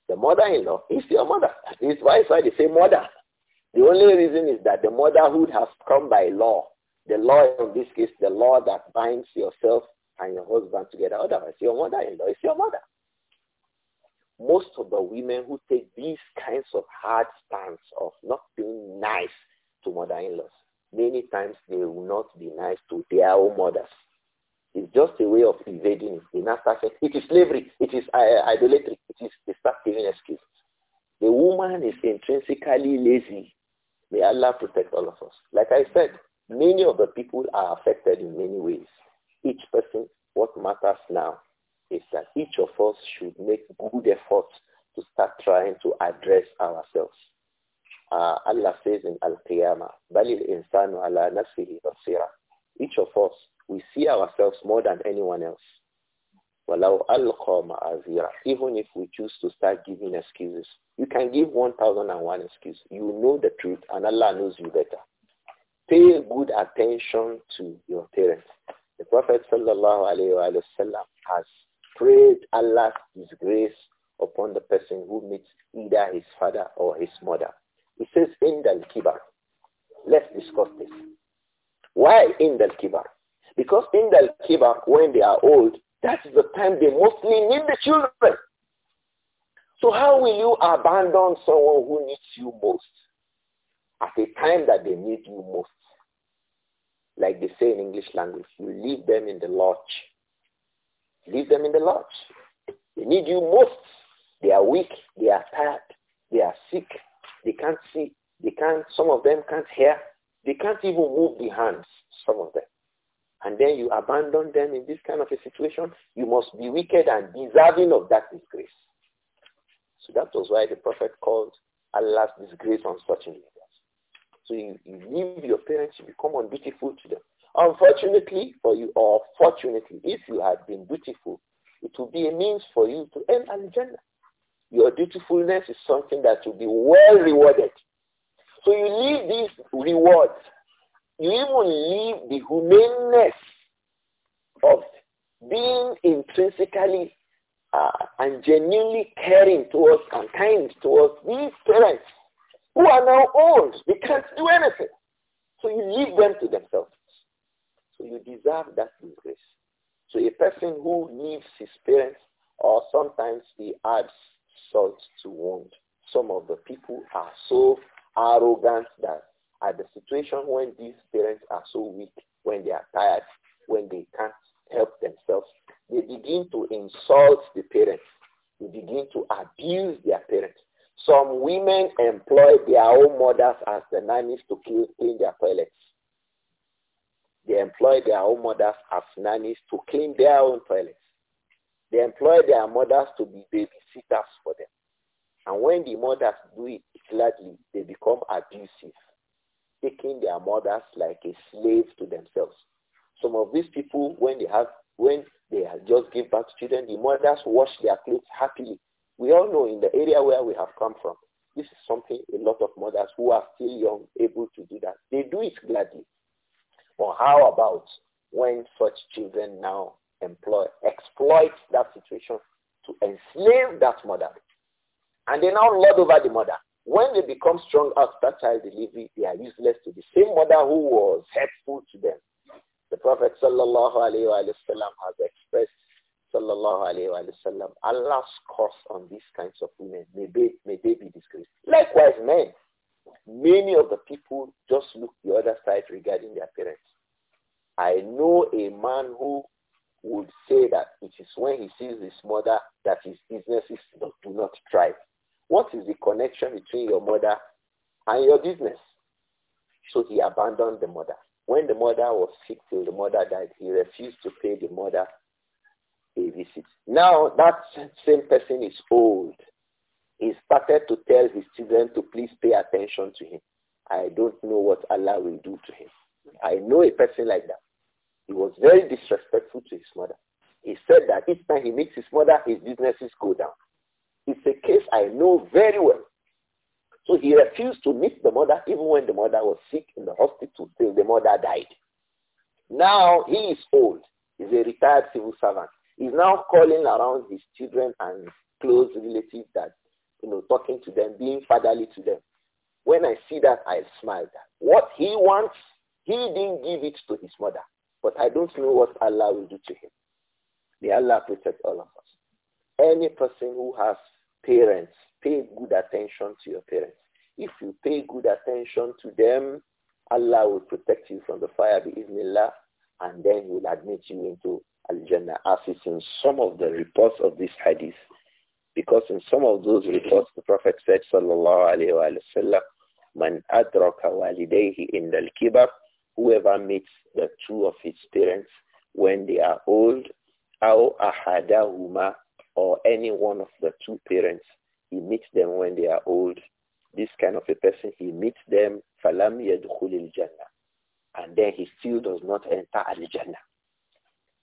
The mother-in-law is your mother. It's why they say mother. The only reason is that the motherhood has come by law. The law in this case, the law that binds yourself and your husband together. Otherwise, your mother-in-law is your mother. Most of the women who take these kinds of hard stance of not being nice to mother-in-laws, many times they will not be nice to their own mothers. It's just a way of evading it. They now start saying, it is slavery, it is uh, idolatry, it is, they start giving excuses. The woman is intrinsically lazy. May Allah protect all of us. Like I said, many of the people are affected in many ways. Each person, what matters now is that each of us should make good efforts to start trying to address ourselves. Uh, Allah says in Al-Qiyamah, بَلِ الْإِنسَانُ عَلَى نَفْسِهِ بَصِيرًا Each of us, we see ourselves more than anyone else. وَلَوْ أَلْقَى مَعَذِيرًا Even if we choose to start giving excuses. You can give 1,001 excuses. You know the truth and Allah knows you better. Pay good attention to your parents. The Prophet sallallahu alayhi wa sallam has prayed Allah's grace upon the person who meets either his father or his mother. He says, in kibar. Let's discuss this. Why in kibar? Because in kibar, when they are old, that's the time they mostly need the children. So how will you abandon someone who needs you most at a time that they need you most? Like they say in English language, you leave them in the lodge. Leave them in the lodge. They need you most. They are weak. They are tired. They are sick. They can't see. They can't, some of them can't hear. They can't even move the hands, some of them. And then you abandon them in this kind of a situation. You must be wicked and deserving of that disgrace. So that was why the prophet called Allah's disgrace on such individuals. So you, you leave your parents, you become unbeautiful to them. Unfortunately for you, or fortunately, if you had been beautiful, it will be a means for you to end Al-Jannah. Your dutifulness is something that will be well rewarded. So you leave these rewards. You even leave the humaneness of being intrinsically uh, and genuinely caring towards and kind towards these parents who are now old. They can't do anything. So you leave them to themselves. So you deserve that grace. So a person who leaves his parents or sometimes he adds salt to wound. Some of the people are so arrogant that at the situation when these parents are so weak, when they are tired, when they can't help themselves, they begin to insult the parents. They begin to abuse their parents. Some women employ their own mothers as the nannies to clean their toilets. They employ their own mothers as nannies to clean their own toilets. They employ their mothers to be babysitters for them. And when the mothers do it gladly, they become abusive, taking their mothers like a slave to themselves. Some of these people, when they have, when they just give back to children, the mothers wash their clothes happily. We all know in the area where we have come from, this is something a lot of mothers who are still young able to do that. They do it gladly. Or how about when such children now employ, exploit that situation to enslave that mother. And they now lord over the mother. When they become strong after child delivery, they are useless to the same mother who was helpful to them. The Prophet sallallahu has expressed sallallahu Allah's curse on these kinds of women. May they, may they be disgraced. Likewise, men. Many of the people just look the other side regarding their parents. I know a man who would say that it is when he sees his mother that his businesses do not thrive. What is the connection between your mother and your business? So he abandoned the mother. When the mother was sick till the mother died, he refused to pay the mother a visit. Now that same person is old. He started to tell his children to please pay attention to him. I don't know what Allah will do to him. I know a person like that. He was very disrespectful to his mother. He said that each time he meets his mother, his businesses go down. It's a case I know very well. So he refused to meet the mother even when the mother was sick in the hospital till the mother died. Now he is old. He's a retired civil servant. He's now calling around his children and close relatives that, you know, talking to them, being fatherly to them. When I see that, I smile. What he wants, he didn't give it to his mother. But I don't know what Allah will do to him. May Allah protect all of us. Any person who has parents, pay good attention to your parents. If you pay good attention to them, Allah will protect you from the fire, Allah, and then he will admit you into Al-Jannah, as is in some of the reports of this hadith. Because in some of those reports, the Prophet said, sallallahu alayhi wasallam, man adraka walidayhi al kibar, whoever meets the two of his parents when they are old, أو أحدهما or any one of the two parents, he meets them when they are old. This kind of a person, he meets them, فَلَمْ يَدْخُلِ And then he still does not enter al-Jannah.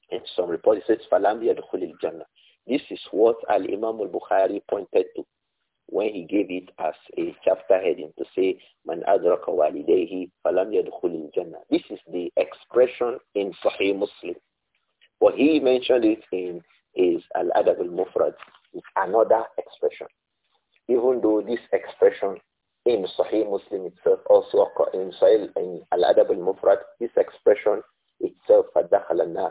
In some reports it says, فَلَمْ يَدْخُلِ This is what Al-Imam al-Bukhari pointed to when he gave it as a chapter heading to say, Man adraka walidehi falam yadkhulil jannah. This is the expression in Sahih Muslim. But he mentioned it in his Al-Adab al-Mufrad. It's another expression. Even though this expression in Sahih Muslim itself also in Sahih in Al-Adab al-Mufrad, this expression itself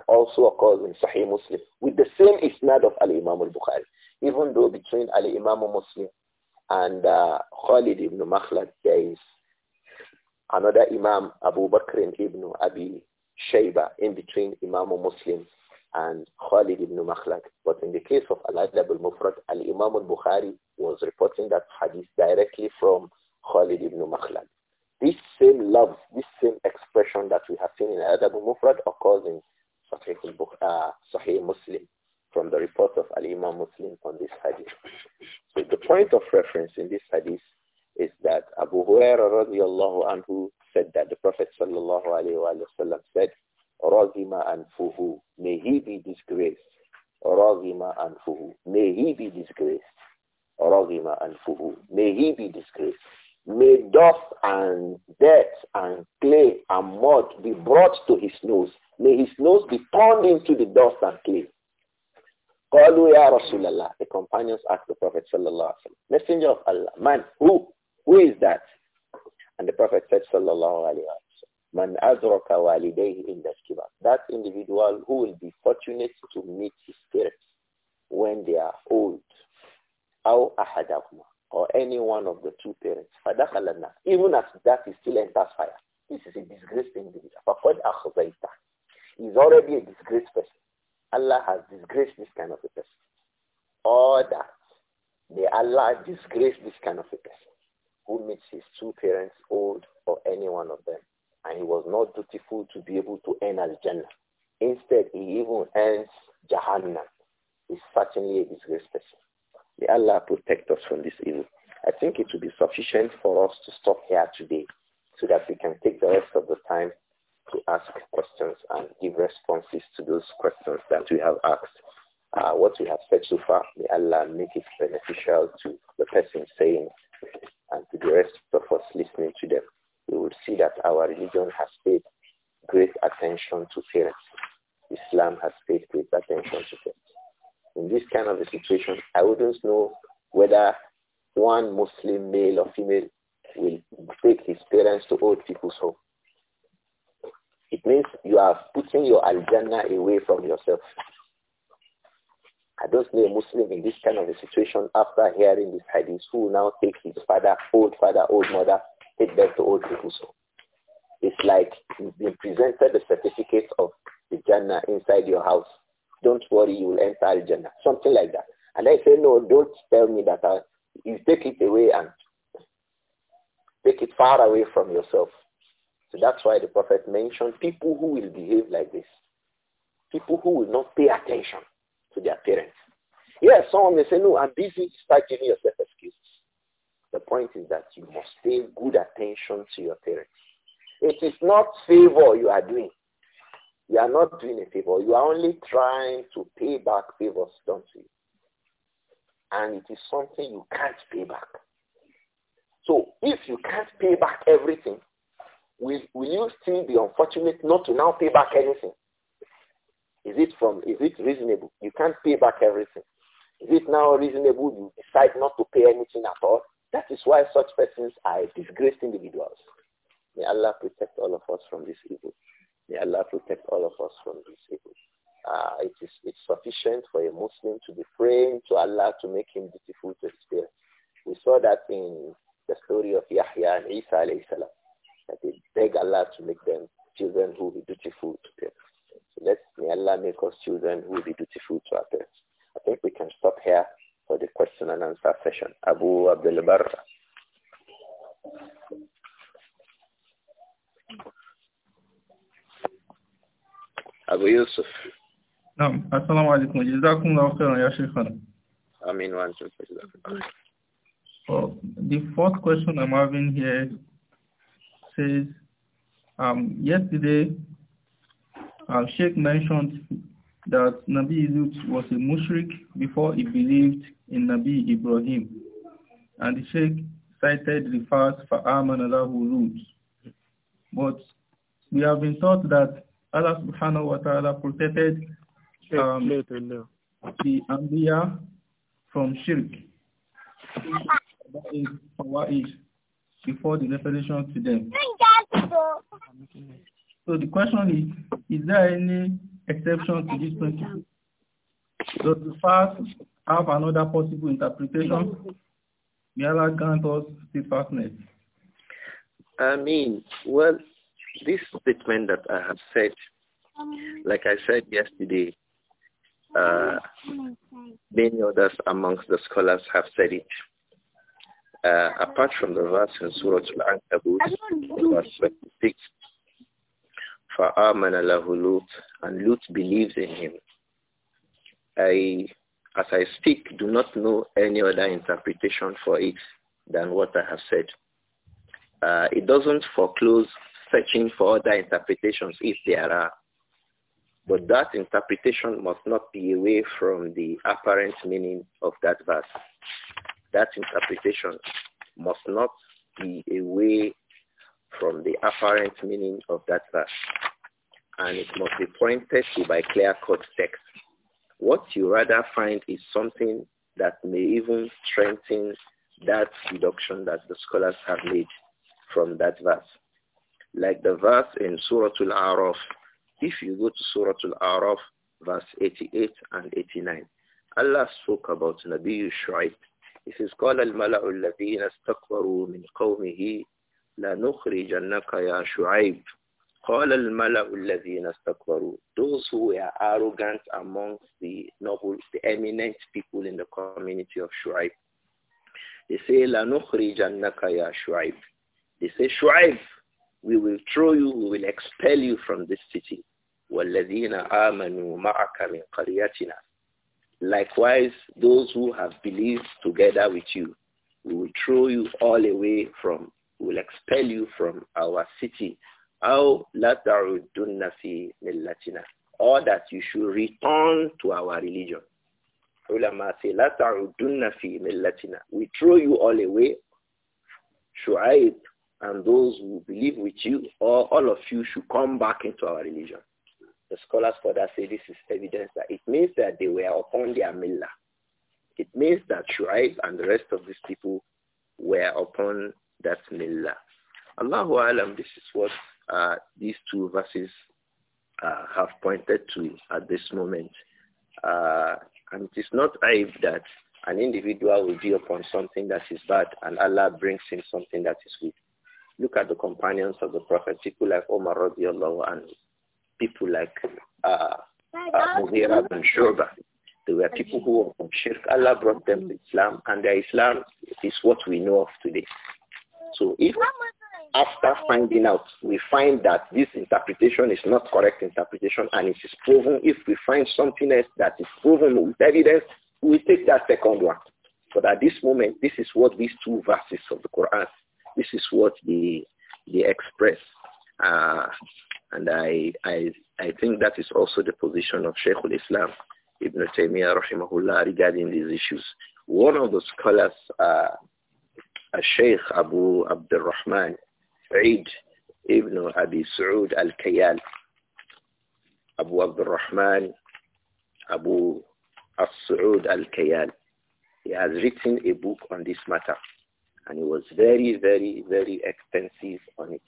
also occurs in Sahih Muslim with the same isnad of Al-Imam al-Bukhari. Even though between Al-Imam al-Muslim and uh, Khalid ibn Makhlad, there is another Imam, Abu Bakr ibn Abi Shayba, in between Imam Muslim and Khalid ibn Makhlad. But in the case of Al-Adab al-Mufrad, Al-Imam al-Bukhari was reporting that hadith directly from Khalid ibn Makhlad. This same love, this same expression that we have seen in Al-Adab al-Mufrad occurs in Sahih, uh, Sahih Muslim from the report of Al-Imam Muslim on this hadith. So the point of reference in this hadith is that Abu Hurairah radiallahu anhu said that the Prophet sallallahu alayhi wa sallam said, Razima anfuhu, may he be disgraced. Razima anfuhu, may he be disgraced. Razima anfuhu, may he be disgraced. May dust and dirt and clay and mud be brought to his nose. May his nose be turned into the dust and clay. قالوا يا رسول الله The companions asked the Prophet صلى الله عليه وسلم Messenger of Allah Man, who? Who is that? And the Prophet said صلى الله عليه وسلم Man أدرك والديه عند الكبر That individual who will be fortunate to meet his parents when they are old أو أحدهما or any one of the two parents فدخل النار Even as that is still enters fire This is a disgraced individual فقد أخذيته He's already a disgraced person Allah has disgraced this kind of a person. Or that may Allah disgrace this kind of a person who meets his two parents old or any one of them. And he was not dutiful to be able to earn al-Jannah. Instead, he even earns Jahannam. He's certainly a disgraced person. May Allah protect us from this evil. I think it will be sufficient for us to stop here today so that we can take the rest of the time to ask questions and give responses to those questions that we have asked. Uh, what we have said so far, may Allah make it beneficial to the person saying and to the rest of us listening to them. We will see that our religion has paid great attention to parents. Islam has paid great attention to parents. In this kind of a situation, I wouldn't know whether one Muslim male or female will take his parents to old people's home it means you are putting your aljana away from yourself. I don't know a Muslim in this kind of a situation after hearing this hadith who now takes his father, old father, old mother, take back to old people. So it's like you've been presented a certificate of the Jannah inside your house. Don't worry, you will enter the Jannah. Something like that. And I say, no, don't tell me that. I, uh, you take it away and take it far away from yourself. So that's why the Prophet mentioned people who will behave like this. People who will not pay attention to their parents. Yes, someone may say, no, I'm busy. Start giving yourself excuses. The point is that you must pay good attention to your parents. It is not favor you are doing. You are not doing a favor. You are only trying to pay back favors don't you. And it is something you can't pay back. So if you can't pay back everything, will, will you still be unfortunate not to now pay back anything? Is it from, is it reasonable? You can't pay back everything. Is it now reasonable you decide not to pay anything at all? That is why such persons are disgraced individuals. May Allah protect all of us from this evil. May Allah protect all of us from this evil. Uh, it is it's sufficient for a Muslim to be praying to Allah to make him beautiful to his We saw that in the story of Yahya and Isa alayhi salam that they beg Allah to make them children who will be dutiful to parents. So let may Allah make us children who will be dutiful to our parents. I think we can stop here for the question and answer session. Abu Abdul Barra. Abu Yusuf. نعم السلام عليكم جزاكم الله خيرا يا شيخنا I mean, one, two, three, four. The fourth question I'm having here says, um, yesterday, uh, Sheikh mentioned that Nabi Lut was a mushrik before he believed in Nabi Ibrahim. And the Sheikh cited the verse, فَآمَنَ لَهُ Lut. But we have been taught that Allah subhanahu wa ta'ala protected um, the Anbiya from shirk. That is, before the revelation to them. So the question is, is there any exception to this principle? Does the fast have another possible interpretation? May Allah grant us steadfastness. I mean, well, this statement that I have said, like I said yesterday, uh, many others amongst the scholars have said it uh, apart from the verse in Surah Al-Ankabut, verse 26, فَآمَنَ لَهُ Lut, and Lut believes in him. I, as I speak, do not know any other interpretation for it than what I have said. Uh, it doesn't foreclose searching for other interpretations if there are. But that interpretation must not be away from the apparent meaning of that verse that interpretation must not be away from the apparent meaning of that verse. And it must be pointed to by clear-cut text. What you rather find is something that may even strengthen that deduction that the scholars have made from that verse. Like the verse in Surah Al-A'raf. If you go to Surah Al-A'raf, verse 88 and 89, Allah spoke about Nabi Shu'aib إذ قال الملأ الذين استكبروا من قومه لنخرجنك يا شعيب قال الملأ الذين استكبروا Those who were arrogant amongst the noble, the eminent people in the community of Shu'aib. They say, لَنُخْرِجَنَّكَ يَا شُعَيْبُ They say, Shu'aib, we will throw you, we will expel you from this city. وَالَّذِينَ آمَنُوا مَعَكَ مِنْ قَرْيَتِنَا Likewise, those who have believed together with you, we will throw you all away from, we will expel you from our city. Or that you should return to our religion. We throw you all away. Shu'aib and those who believe with you, or all of you should come back into our religion. The scholars further say this is evidence that it means that they were upon their millah. It means that Shu'aib and the rest of these people were upon that millah. Allahu Alam, this is what uh, these two verses uh, have pointed to at this moment. Uh, and it is not aib that an individual will be upon something that is bad and Allah brings him something that is good. Look at the companions of the Prophet, people like Omar radiallahu anhu people like uh, uh, Mughira bin Shurba. They were people who were from Shirk. Allah brought them to Islam, and their Islam is what we know of today. So if after finding out, we find that this interpretation is not correct interpretation, and it is proven, if we find something else that is proven with evidence, we take that second one. But at this moment, this is what these two verses of the Quran, this is what they, they express. Uh, and I, I, I think that is also the position of Sheikh al-Islam, Ibn Taymiyyah rahimahullah regarding these issues. One of the scholars, uh, Sheikh Abu Abdul Rahman, Eid Ibn Abi Saud al-Kayal, Abu Abdul Rahman, Abu Al saud al-Kayal. He has written a book on this matter and it was very, very, very extensive on it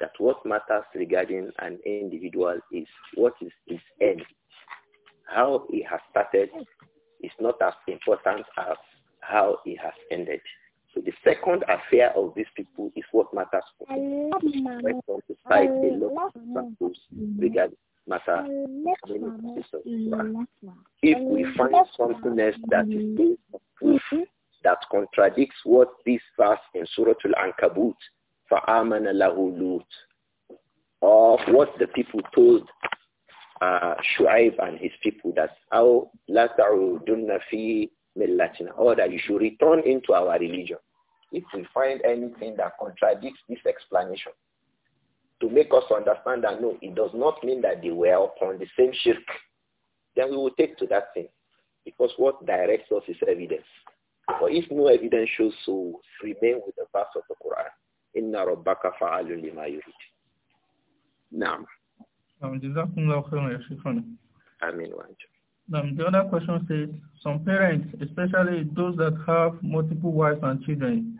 that what matters regarding an individual is what is his end. How he has started is not as important as how he has ended. So the second affair of these people is what matters for them. regarding matter. If we find something else that is mm-hmm. proof mm-hmm. that contradicts what this verse in Surah Al-Ankabut فَآمَنَ لَهُ Of what the people told uh, Shu'aib and his people that our لَا تَعُودُنَّ فِي مِلَّتِنَا Or that you should return into our religion. If we find anything that contradicts this explanation, to make us understand that no, it does not mean that they were upon the same shirk, then we will take to that thing. Because what directs us is evidence. But if no evidence shows so, remain with the verse of the Quran. إن ربك فعال lima yurid. نعم جزاكم الله خيرا يا شيخنا آمين وأنتم um, the other question says, some parents, especially those that have multiple wives and children,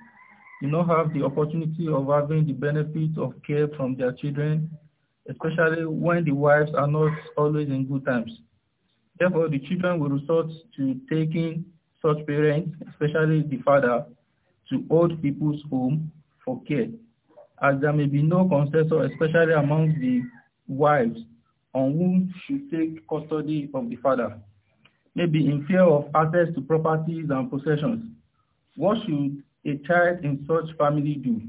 do not have the opportunity of having the benefit of care from their children, especially when the wives are not always in good times. Therefore, the children will resort to taking such parents, especially the father, to old people's home for care, as there may be no consensus, especially among the wives, on whom should take custody of the father, Maybe in fear of access to properties and possessions. What should a child in such family do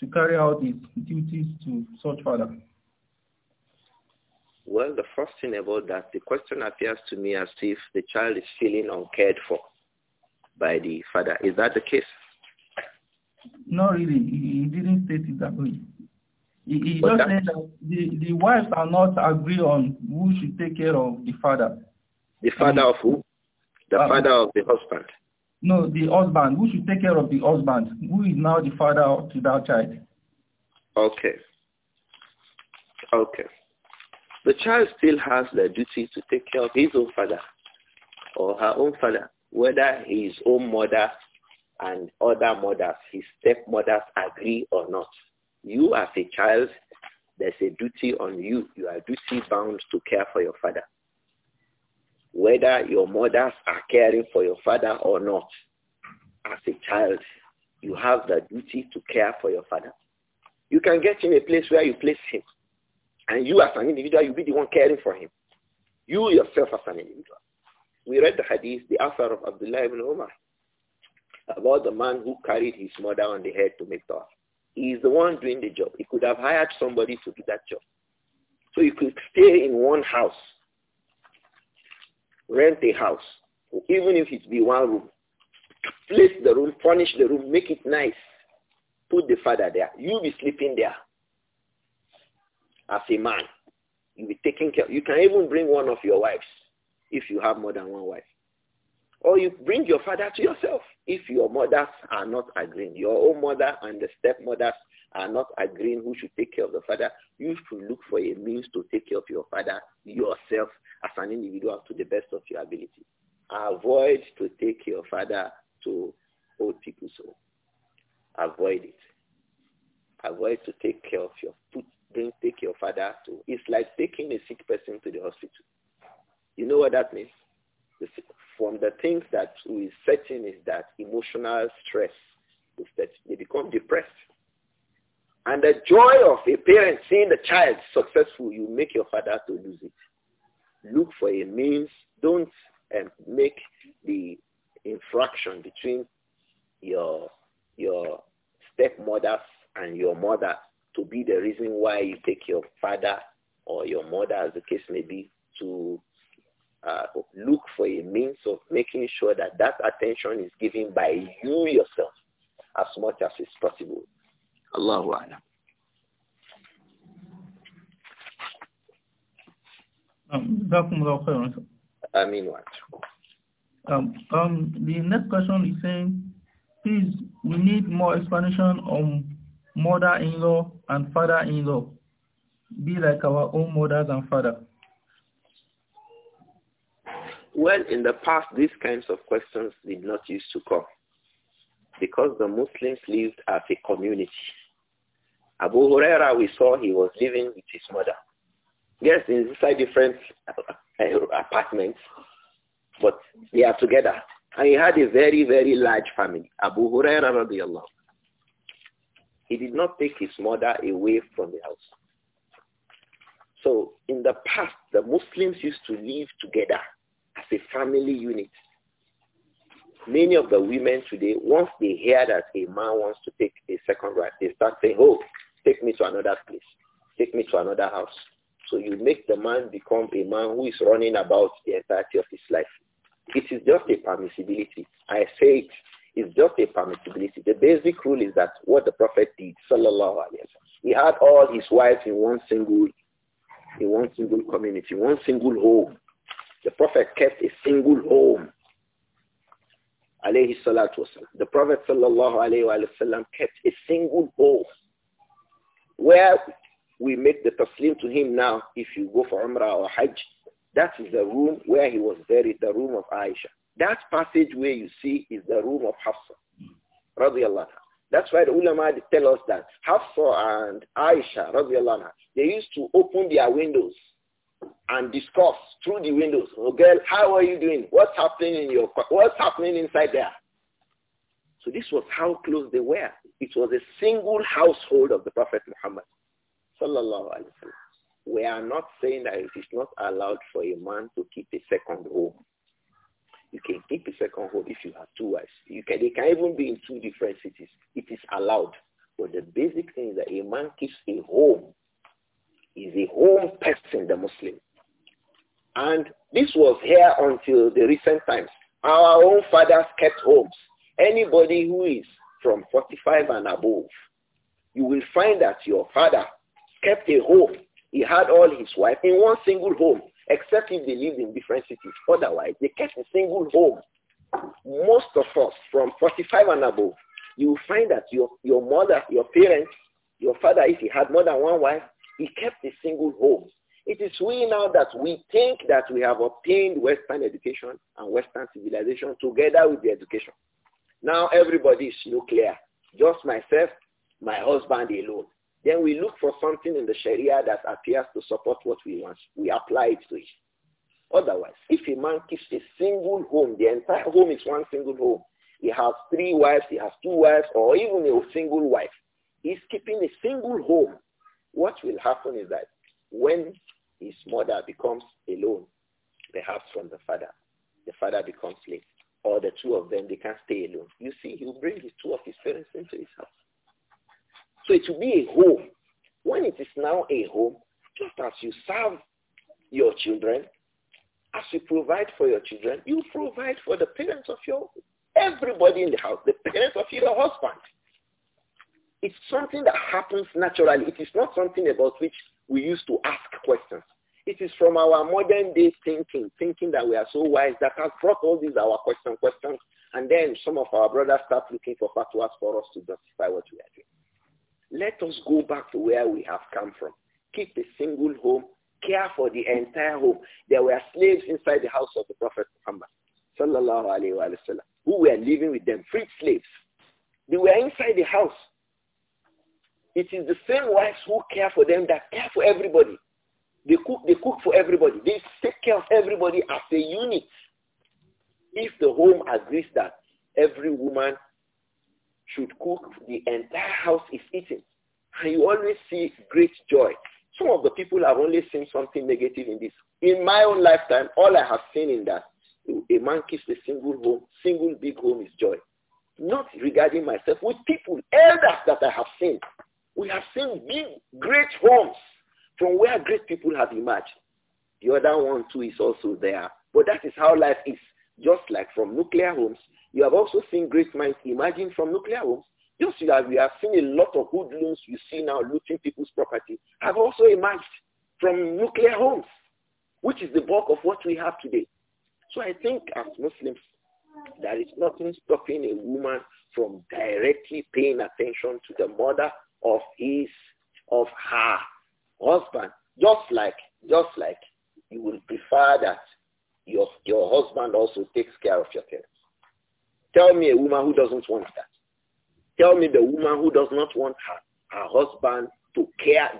to carry out his duties to such father? Well, the first thing about that, the question appears to me as if the child is feeling uncared for by the father. Is that the case? Not really. He, didn't state it that way. He, he just said that the, the wives are not agree on who should take care of the father. The father um, of who? The uh, father of the husband. No, the husband. Who should take care of the husband? Who is now the father to that child? Okay. Okay. The child still has the duty to take care of his own father or her own father, whether his own mother and other mothers, his stepmothers agree or not. You as a child, there's a duty on you. You are duty bound to care for your father. Whether your mothers are caring for your father or not, as a child, you have the duty to care for your father. You can get in a place where you place him. And you as an individual, you'll be the one caring for him. You yourself as an individual. We read the hadith, the author of Abdullah ibn Umar about the man who carried his mother on the head to make tawaf. He is the one doing the job. He could have hired somebody to do that job. So you could stay in one house, rent a house, even if it be one room. Place the room, furnish the room, make it nice. Put the father there. You will be sleeping there as a man. You be taking care. You can even bring one of your wives if you have more than one wife. Or you bring your father to yourself. If your mothers are not agreeing, your own mother and the stepmothers are not agreeing who should take care of the father, you should look for a means to take care of your father yourself as an individual to the best of your ability. Avoid to take your father to old people. So, Avoid it. Avoid to take care of your put bring take your father to it's like taking a sick person to the hospital. You know what that means? From the things that we setting is that emotional stress is that they become depressed. And the joy of a parent seeing the child successful, you make your father to lose it. Look for a means. Don't um, make the infraction between your your stepmother and your mother to be the reason why you take your father or your mother, as the case may be, to uh, look for a means of making sure that that attention is given by you yourself as much as is possible. Allahu Alam. Um, I mean what? Um, um, the next question is saying, please, we need more explanation on mother-in-law and father-in-law. Be like our own mothers and fathers. Well, in the past, these kinds of questions did not used to come because the Muslims lived as a community. Abu Huraira, we saw he was living with his mother. Yes, inside different uh, uh, apartments, but they are together. And he had a very, very large family. Abu Huraira radiallahu. He did not take his mother away from the house. So in the past, the Muslims used to live together a family unit. Many of the women today, once they hear that a man wants to take a second wife, they start saying, oh, take me to another place. Take me to another house. So you make the man become a man who is running about the entirety of his life. It is just a permissibility. I say it. It's just a permissibility. The basic rule is that what the Prophet did, sallallahu alayhi wa he had all his wives in one single, in one single community, one single home. The Prophet kept a single home. Alayhi salatu wasalam. The Prophet sallallahu alayhi wa sallam kept a single home. Where we make the taslim to him now, if you go for Umrah or Hajj, that is the room where he was buried, the room of Aisha. That passage where you see is the room of Hafsa. Radiallahu That's why the ulama tell us that Hafsa and Aisha, radiallahu they used to open their windows and discuss through the windows. Oh girl, how are you doing? What's happening in your what's happening inside there? So this was how close they were. It was a single household of the Prophet Muhammad. Sallallahu We are not saying that it is not allowed for a man to keep a second home. You can keep a second home if you have two wives. You can, they can even be in two different cities. It is allowed. But the basic thing is that a man keeps a home is a home person, the Muslim. And this was here until the recent times. Our own fathers kept homes. Anybody who is from 45 and above, you will find that your father kept a home. He had all his wife in one single home, except if they lived in different cities. Otherwise, they kept a single home. Most of us from 45 and above, you will find that your, your mother, your parents, your father, if he had more than one wife, he kept a single home. It is we now that we think that we have obtained Western education and Western civilization together with the education. Now everybody is nuclear. Just myself, my husband alone. Then we look for something in the Sharia that appears to support what we want. We apply it to it. Otherwise, if a man keeps a single home, the entire home is one single home. He has three wives, he has two wives, or even a single wife. He's keeping a single home what will happen is that when his mother becomes alone, perhaps from the father, the father becomes late, or the two of them, they can't stay alone. You see, he'll bring his two of his parents into his house. So it will be a home. When it is now a home, just as you serve your children, as you provide for your children, you provide for the parents of your everybody in the house, the parents of your husband, it's something that happens naturally. It is not something about which we used to ask questions. It is from our modern day thinking, thinking that we are so wise that has brought all these our question questions. And then some of our brothers start looking for fatwas for us to justify what we are doing. Let us go back to where we have come from. Keep a single home. Care for the entire home. There were slaves inside the house of the Prophet Muhammad sallallahu alaihi wasallam, who were living with them, freed slaves. They were inside the house. It is the same wives who care for them that care for everybody. They cook, they cook for everybody. They take care of everybody as a unit. If the home agrees that every woman should cook, the entire house is eating. And you always see great joy. Some of the people have only seen something negative in this. In my own lifetime, all I have seen in that, a man keeps a single home, single big home is joy. Not regarding myself, with people, elders that I have seen, we have seen big, great homes from where great people have emerged. The other one too is also there. But that is how life is. Just like from nuclear homes, you have also seen great minds emerging from nuclear homes. Just like we have seen a lot of hoodlums you see now looting people's property have also emerged from nuclear homes, which is the bulk of what we have today. So I think as Muslims, there is nothing stopping a woman from directly paying attention to the mother of his, of her husband. Just like, just like you will prefer that your, your husband also takes care of your parents. Tell me a woman who doesn't want that. Tell me the woman who does not want her, her husband to care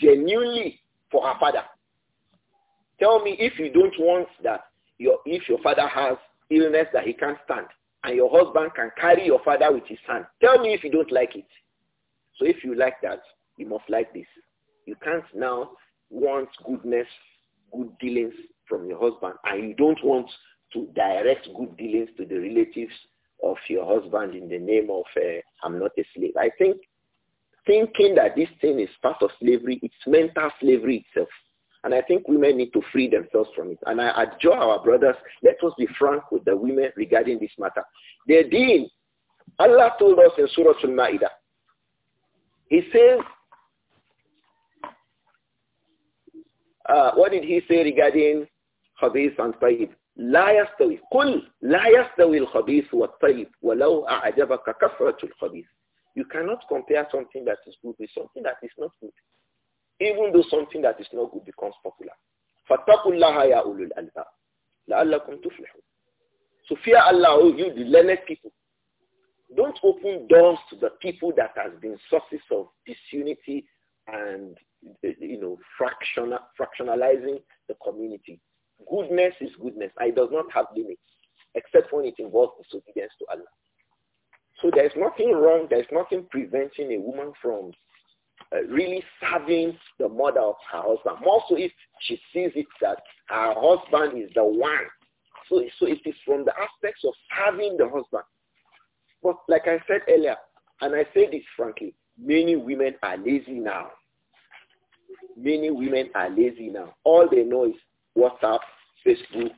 genuinely for her father. Tell me if you don't want that, your, if your father has illness that he can't stand and your husband can carry your father with his hand. Tell me if you don't like it. So if you like that, you must like this. You can't now want goodness, good dealings from your husband, and you don't want to direct good dealings to the relatives of your husband in the name of uh, I'm not a slave. I think thinking that this thing is part of slavery, it's mental slavery itself. And I think women need to free themselves from it. And I adjure our brothers, let us be frank with the women regarding this matter. Their deen, Allah told us in Surah Al-Ma'idah, he says, uh, what did he say regarding khabith and tayyib? لا يستوي قل لا يستوي الخبيث والطيب ولو أعجبك كثرة الخبيث You cannot compare something that is good with something that is not good. Even though something that is not good becomes popular. فاتقوا الله يا أولو الألباب لعلكم تفلحون So fear Allah, oh, you the learned people. Don't open doors to the people that has been sources of disunity and you know fractional, fractionalizing the community. Goodness is goodness. It does not have limits, except when it involves disobedience to Allah. So there is nothing wrong. There is nothing preventing a woman from uh, really serving the mother of her husband. More so if she sees it that her husband is the one. So, so it is from the aspects of serving the husband but like I said earlier, and I say this frankly, many women are lazy now. Many women are lazy now. All they know is WhatsApp, Facebook,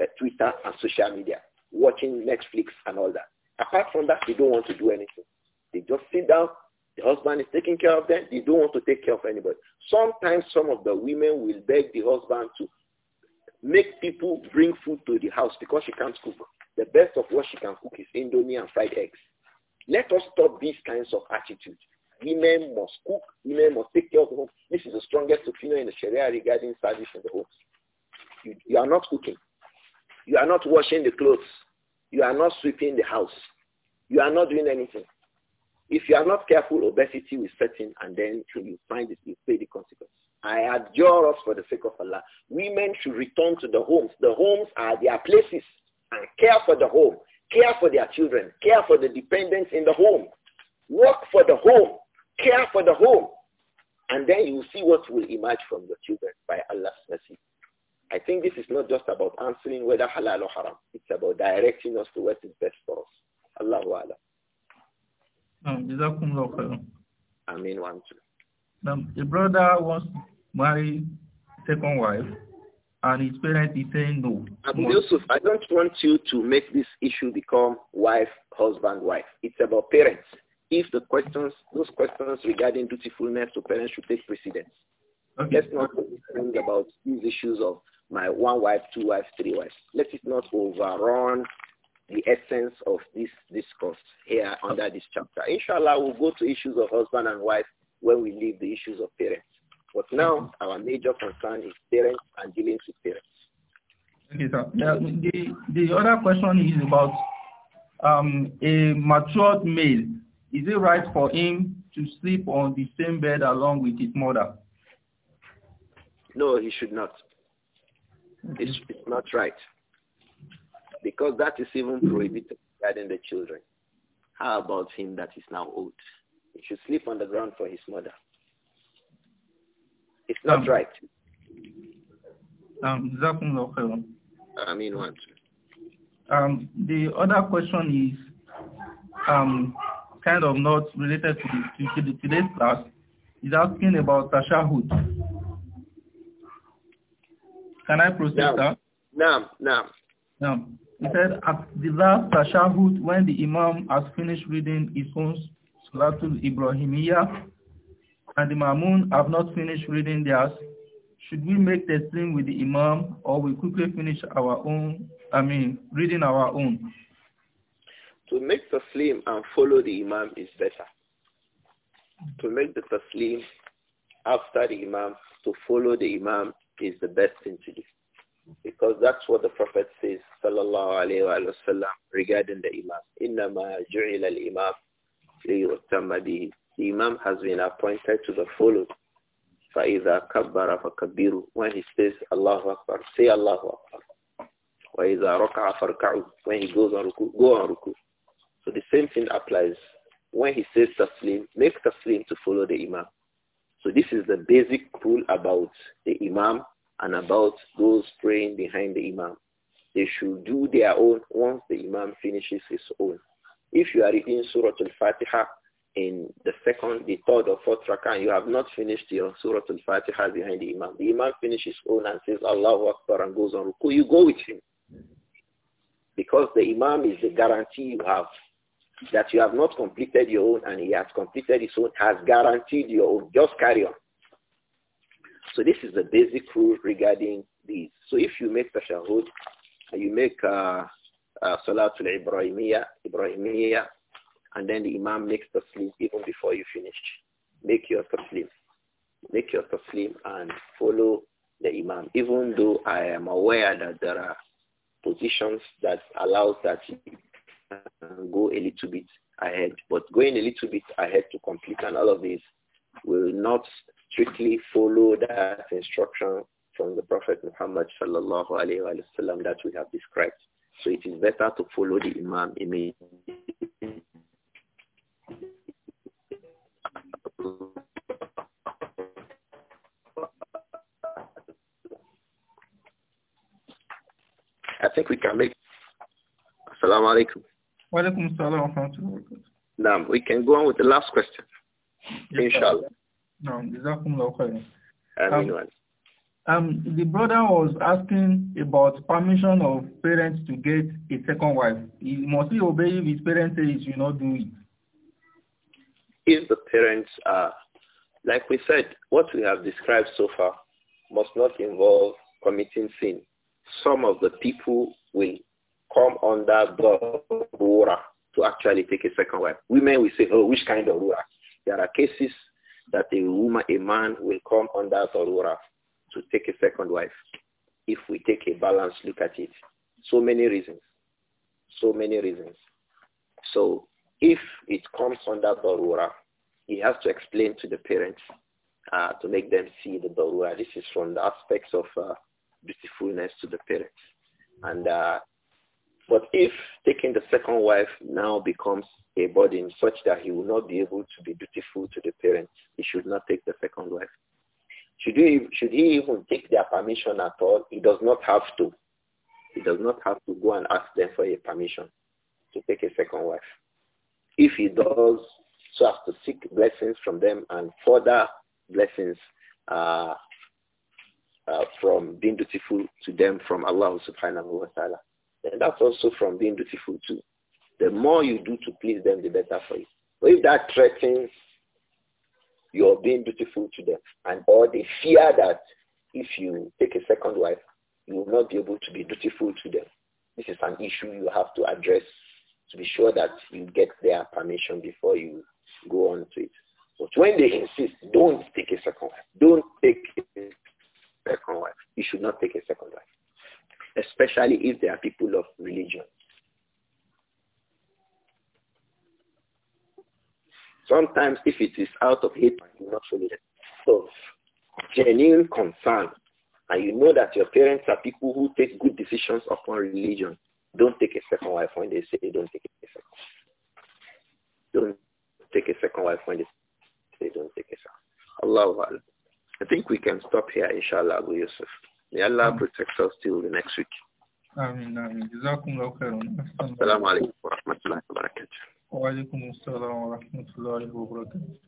uh, Twitter, and social media, watching Netflix and all that. Apart from that, they don't want to do anything. They just sit down. The husband is taking care of them. They don't want to take care of anybody. Sometimes some of the women will beg the husband to make people bring food to the house because she can't cook. The best of what she can cook is indomie and fried eggs. Let us stop these kinds of attitudes. Women must cook. Women must take care of the home. This is the strongest opinion in the Sharia regarding service in the home. You, you are not cooking. You are not washing the clothes. You are not sweeping the house. You are not doing anything. If you are not careful, obesity will set in and then you find it, you pay the consequence. I adjure us for the sake of Allah. Women should return to the homes. The homes are their places and care for the home, care for their children, care for the dependents in the home, work for the home, care for the home. And then you see what will emerge from your children by Allah's mercy. I think this is not just about answering whether halal or haram. It's about directing us to what is best for us. Allah Akbar. Um, mean, One, two. the brother wants to marry second wife and his parents is saying no. Yusuf, I don't want you to make this issue become wife, husband, wife. It's about parents. If the questions, those questions regarding dutifulness to parents should take precedence. Okay. Let's not think about these issues of my one wife, two wives, three wives. Let it not overrun the essence of this discourse here under this chapter. Inshallah, we'll go to issues of husband and wife when we leave the issues of parents. But now our major concern is parents and dealing with parents. Okay, sir. The, the other question is about um, a matured male. Is it right for him to sleep on the same bed along with his mother? No, he should not. Okay. It's, it's not right. Because that is even prohibited regarding the children. How about him that is now old? He should sleep on the ground for his mother. It's not um, right. Um, I mean what? Um, the other question is um, kind of not related to, the, to today's class. Is asking about tashahud. Can I proceed, no. sir? No, no. No. He said, at the last tashahud, when the imam has finished reading his own Salatul Ibrahimiyya, and the Mamun have not finished reading theirs, should we make the same with the Imam or we quickly finish our own, I mean, reading our own? To make the taslim and follow the Imam is better. To make the taslim after the Imam, to follow the Imam is the best thing to do. Because that's what the Prophet says, sallallahu alayhi wa sallam, regarding the Imam. إِنَّمَا جُعِلَ الْإِمَامِ لِيُؤْتَمَّ بِهِ the Imam has been appointed to the following. فَإِذَا كَبَّرَ When he says Allahu Akbar, say Allahu Akbar. وَإِذَا رَكَعَ فَرْكَعُوا When he goes on ruku, go on ruku. So the same thing applies. When he says taslim, make taslim to follow the Imam. So this is the basic rule about the Imam and about those praying behind the Imam. They should do their own once the Imam finishes his own. If you are reading Surah Al-Fatiha in the second, the third or fourth rakah you have not finished your Surah Al-Fatiha behind the Imam. The Imam finishes own and says Allahu Akbar and goes on ruku. You go with him. Because the Imam is the guarantee you have that you have not completed your own and he has completed his own, has guaranteed your own. Just carry on. So this is the basic rule regarding these. So if you make tashahud, you make uh, uh, Salatul Ibrahimiyya, Ibrahimiyya, and then the imam makes the taslim even before you finish. Make your taslim. Make your taslim and follow the imam. Even though I am aware that there are positions that allows that you go a little bit ahead, but going a little bit ahead to complete and all of this will not strictly follow that instruction from the Prophet Muhammad sallallahu wa sallam that we have described. So it is better to follow the Imam immediately I think we can make. Assalamu alaikum. Wa alaikum assalam wa we can go on with the last question. Yes, Inshallah. Naam, jazakumullahu khairan. Um, um, the brother was asking about permission of parents to get a second wife. He must he obey if his parents say he should not do it? If the parents are, like we said, what we have described so far must not involve committing sin some of the people will come under Dora to actually take a second wife. Women will say, oh, which kind of Dora? There are cases that a woman, a man will come under Dora to take a second wife if we take a balanced look at it. So many reasons. So many reasons. So if it comes under Darura, he has to explain to the parents uh, to make them see the Darura. This is from the aspects of uh, beautifulness to the parents. And uh, but if taking the second wife now becomes a burden such that he will not be able to be dutiful to the parents, he should not take the second wife. Should he, should he even take their permission at all? He does not have to. He does not have to go and ask them for a permission to take a second wife. If he does, so as to seek blessings from them and further blessings uh, uh, from being dutiful to them from Allah subhanahu wa ta'ala. And that's also from being dutiful too. The more you do to please them, the better for you. But if that threatens your being dutiful to them and or they fear that if you take a second wife, you will not be able to be dutiful to them. This is an issue you have to address to be sure that you get their permission before you go on to it. But when they insist, don't take a second wife. Don't take a second wife. You should not take a second wife, especially if they are people of religion. Sometimes if it is out of hate, not show So genuine concern, and you know that your parents are people who take good decisions upon religion, don't take a second wife when they say don't take a second. Don't take a second wife when they say don't take a second. Allahu Akbar. I think we can stop here, inshallah, Abu Yusuf. May Allah mm. protect us till the next week. Amin, amin. Jazakumullahu khairan. Assalamu alaikum wa rahmatullahi wa barakatuh. Wa alaikum wa rahmatullahi wa barakatuh.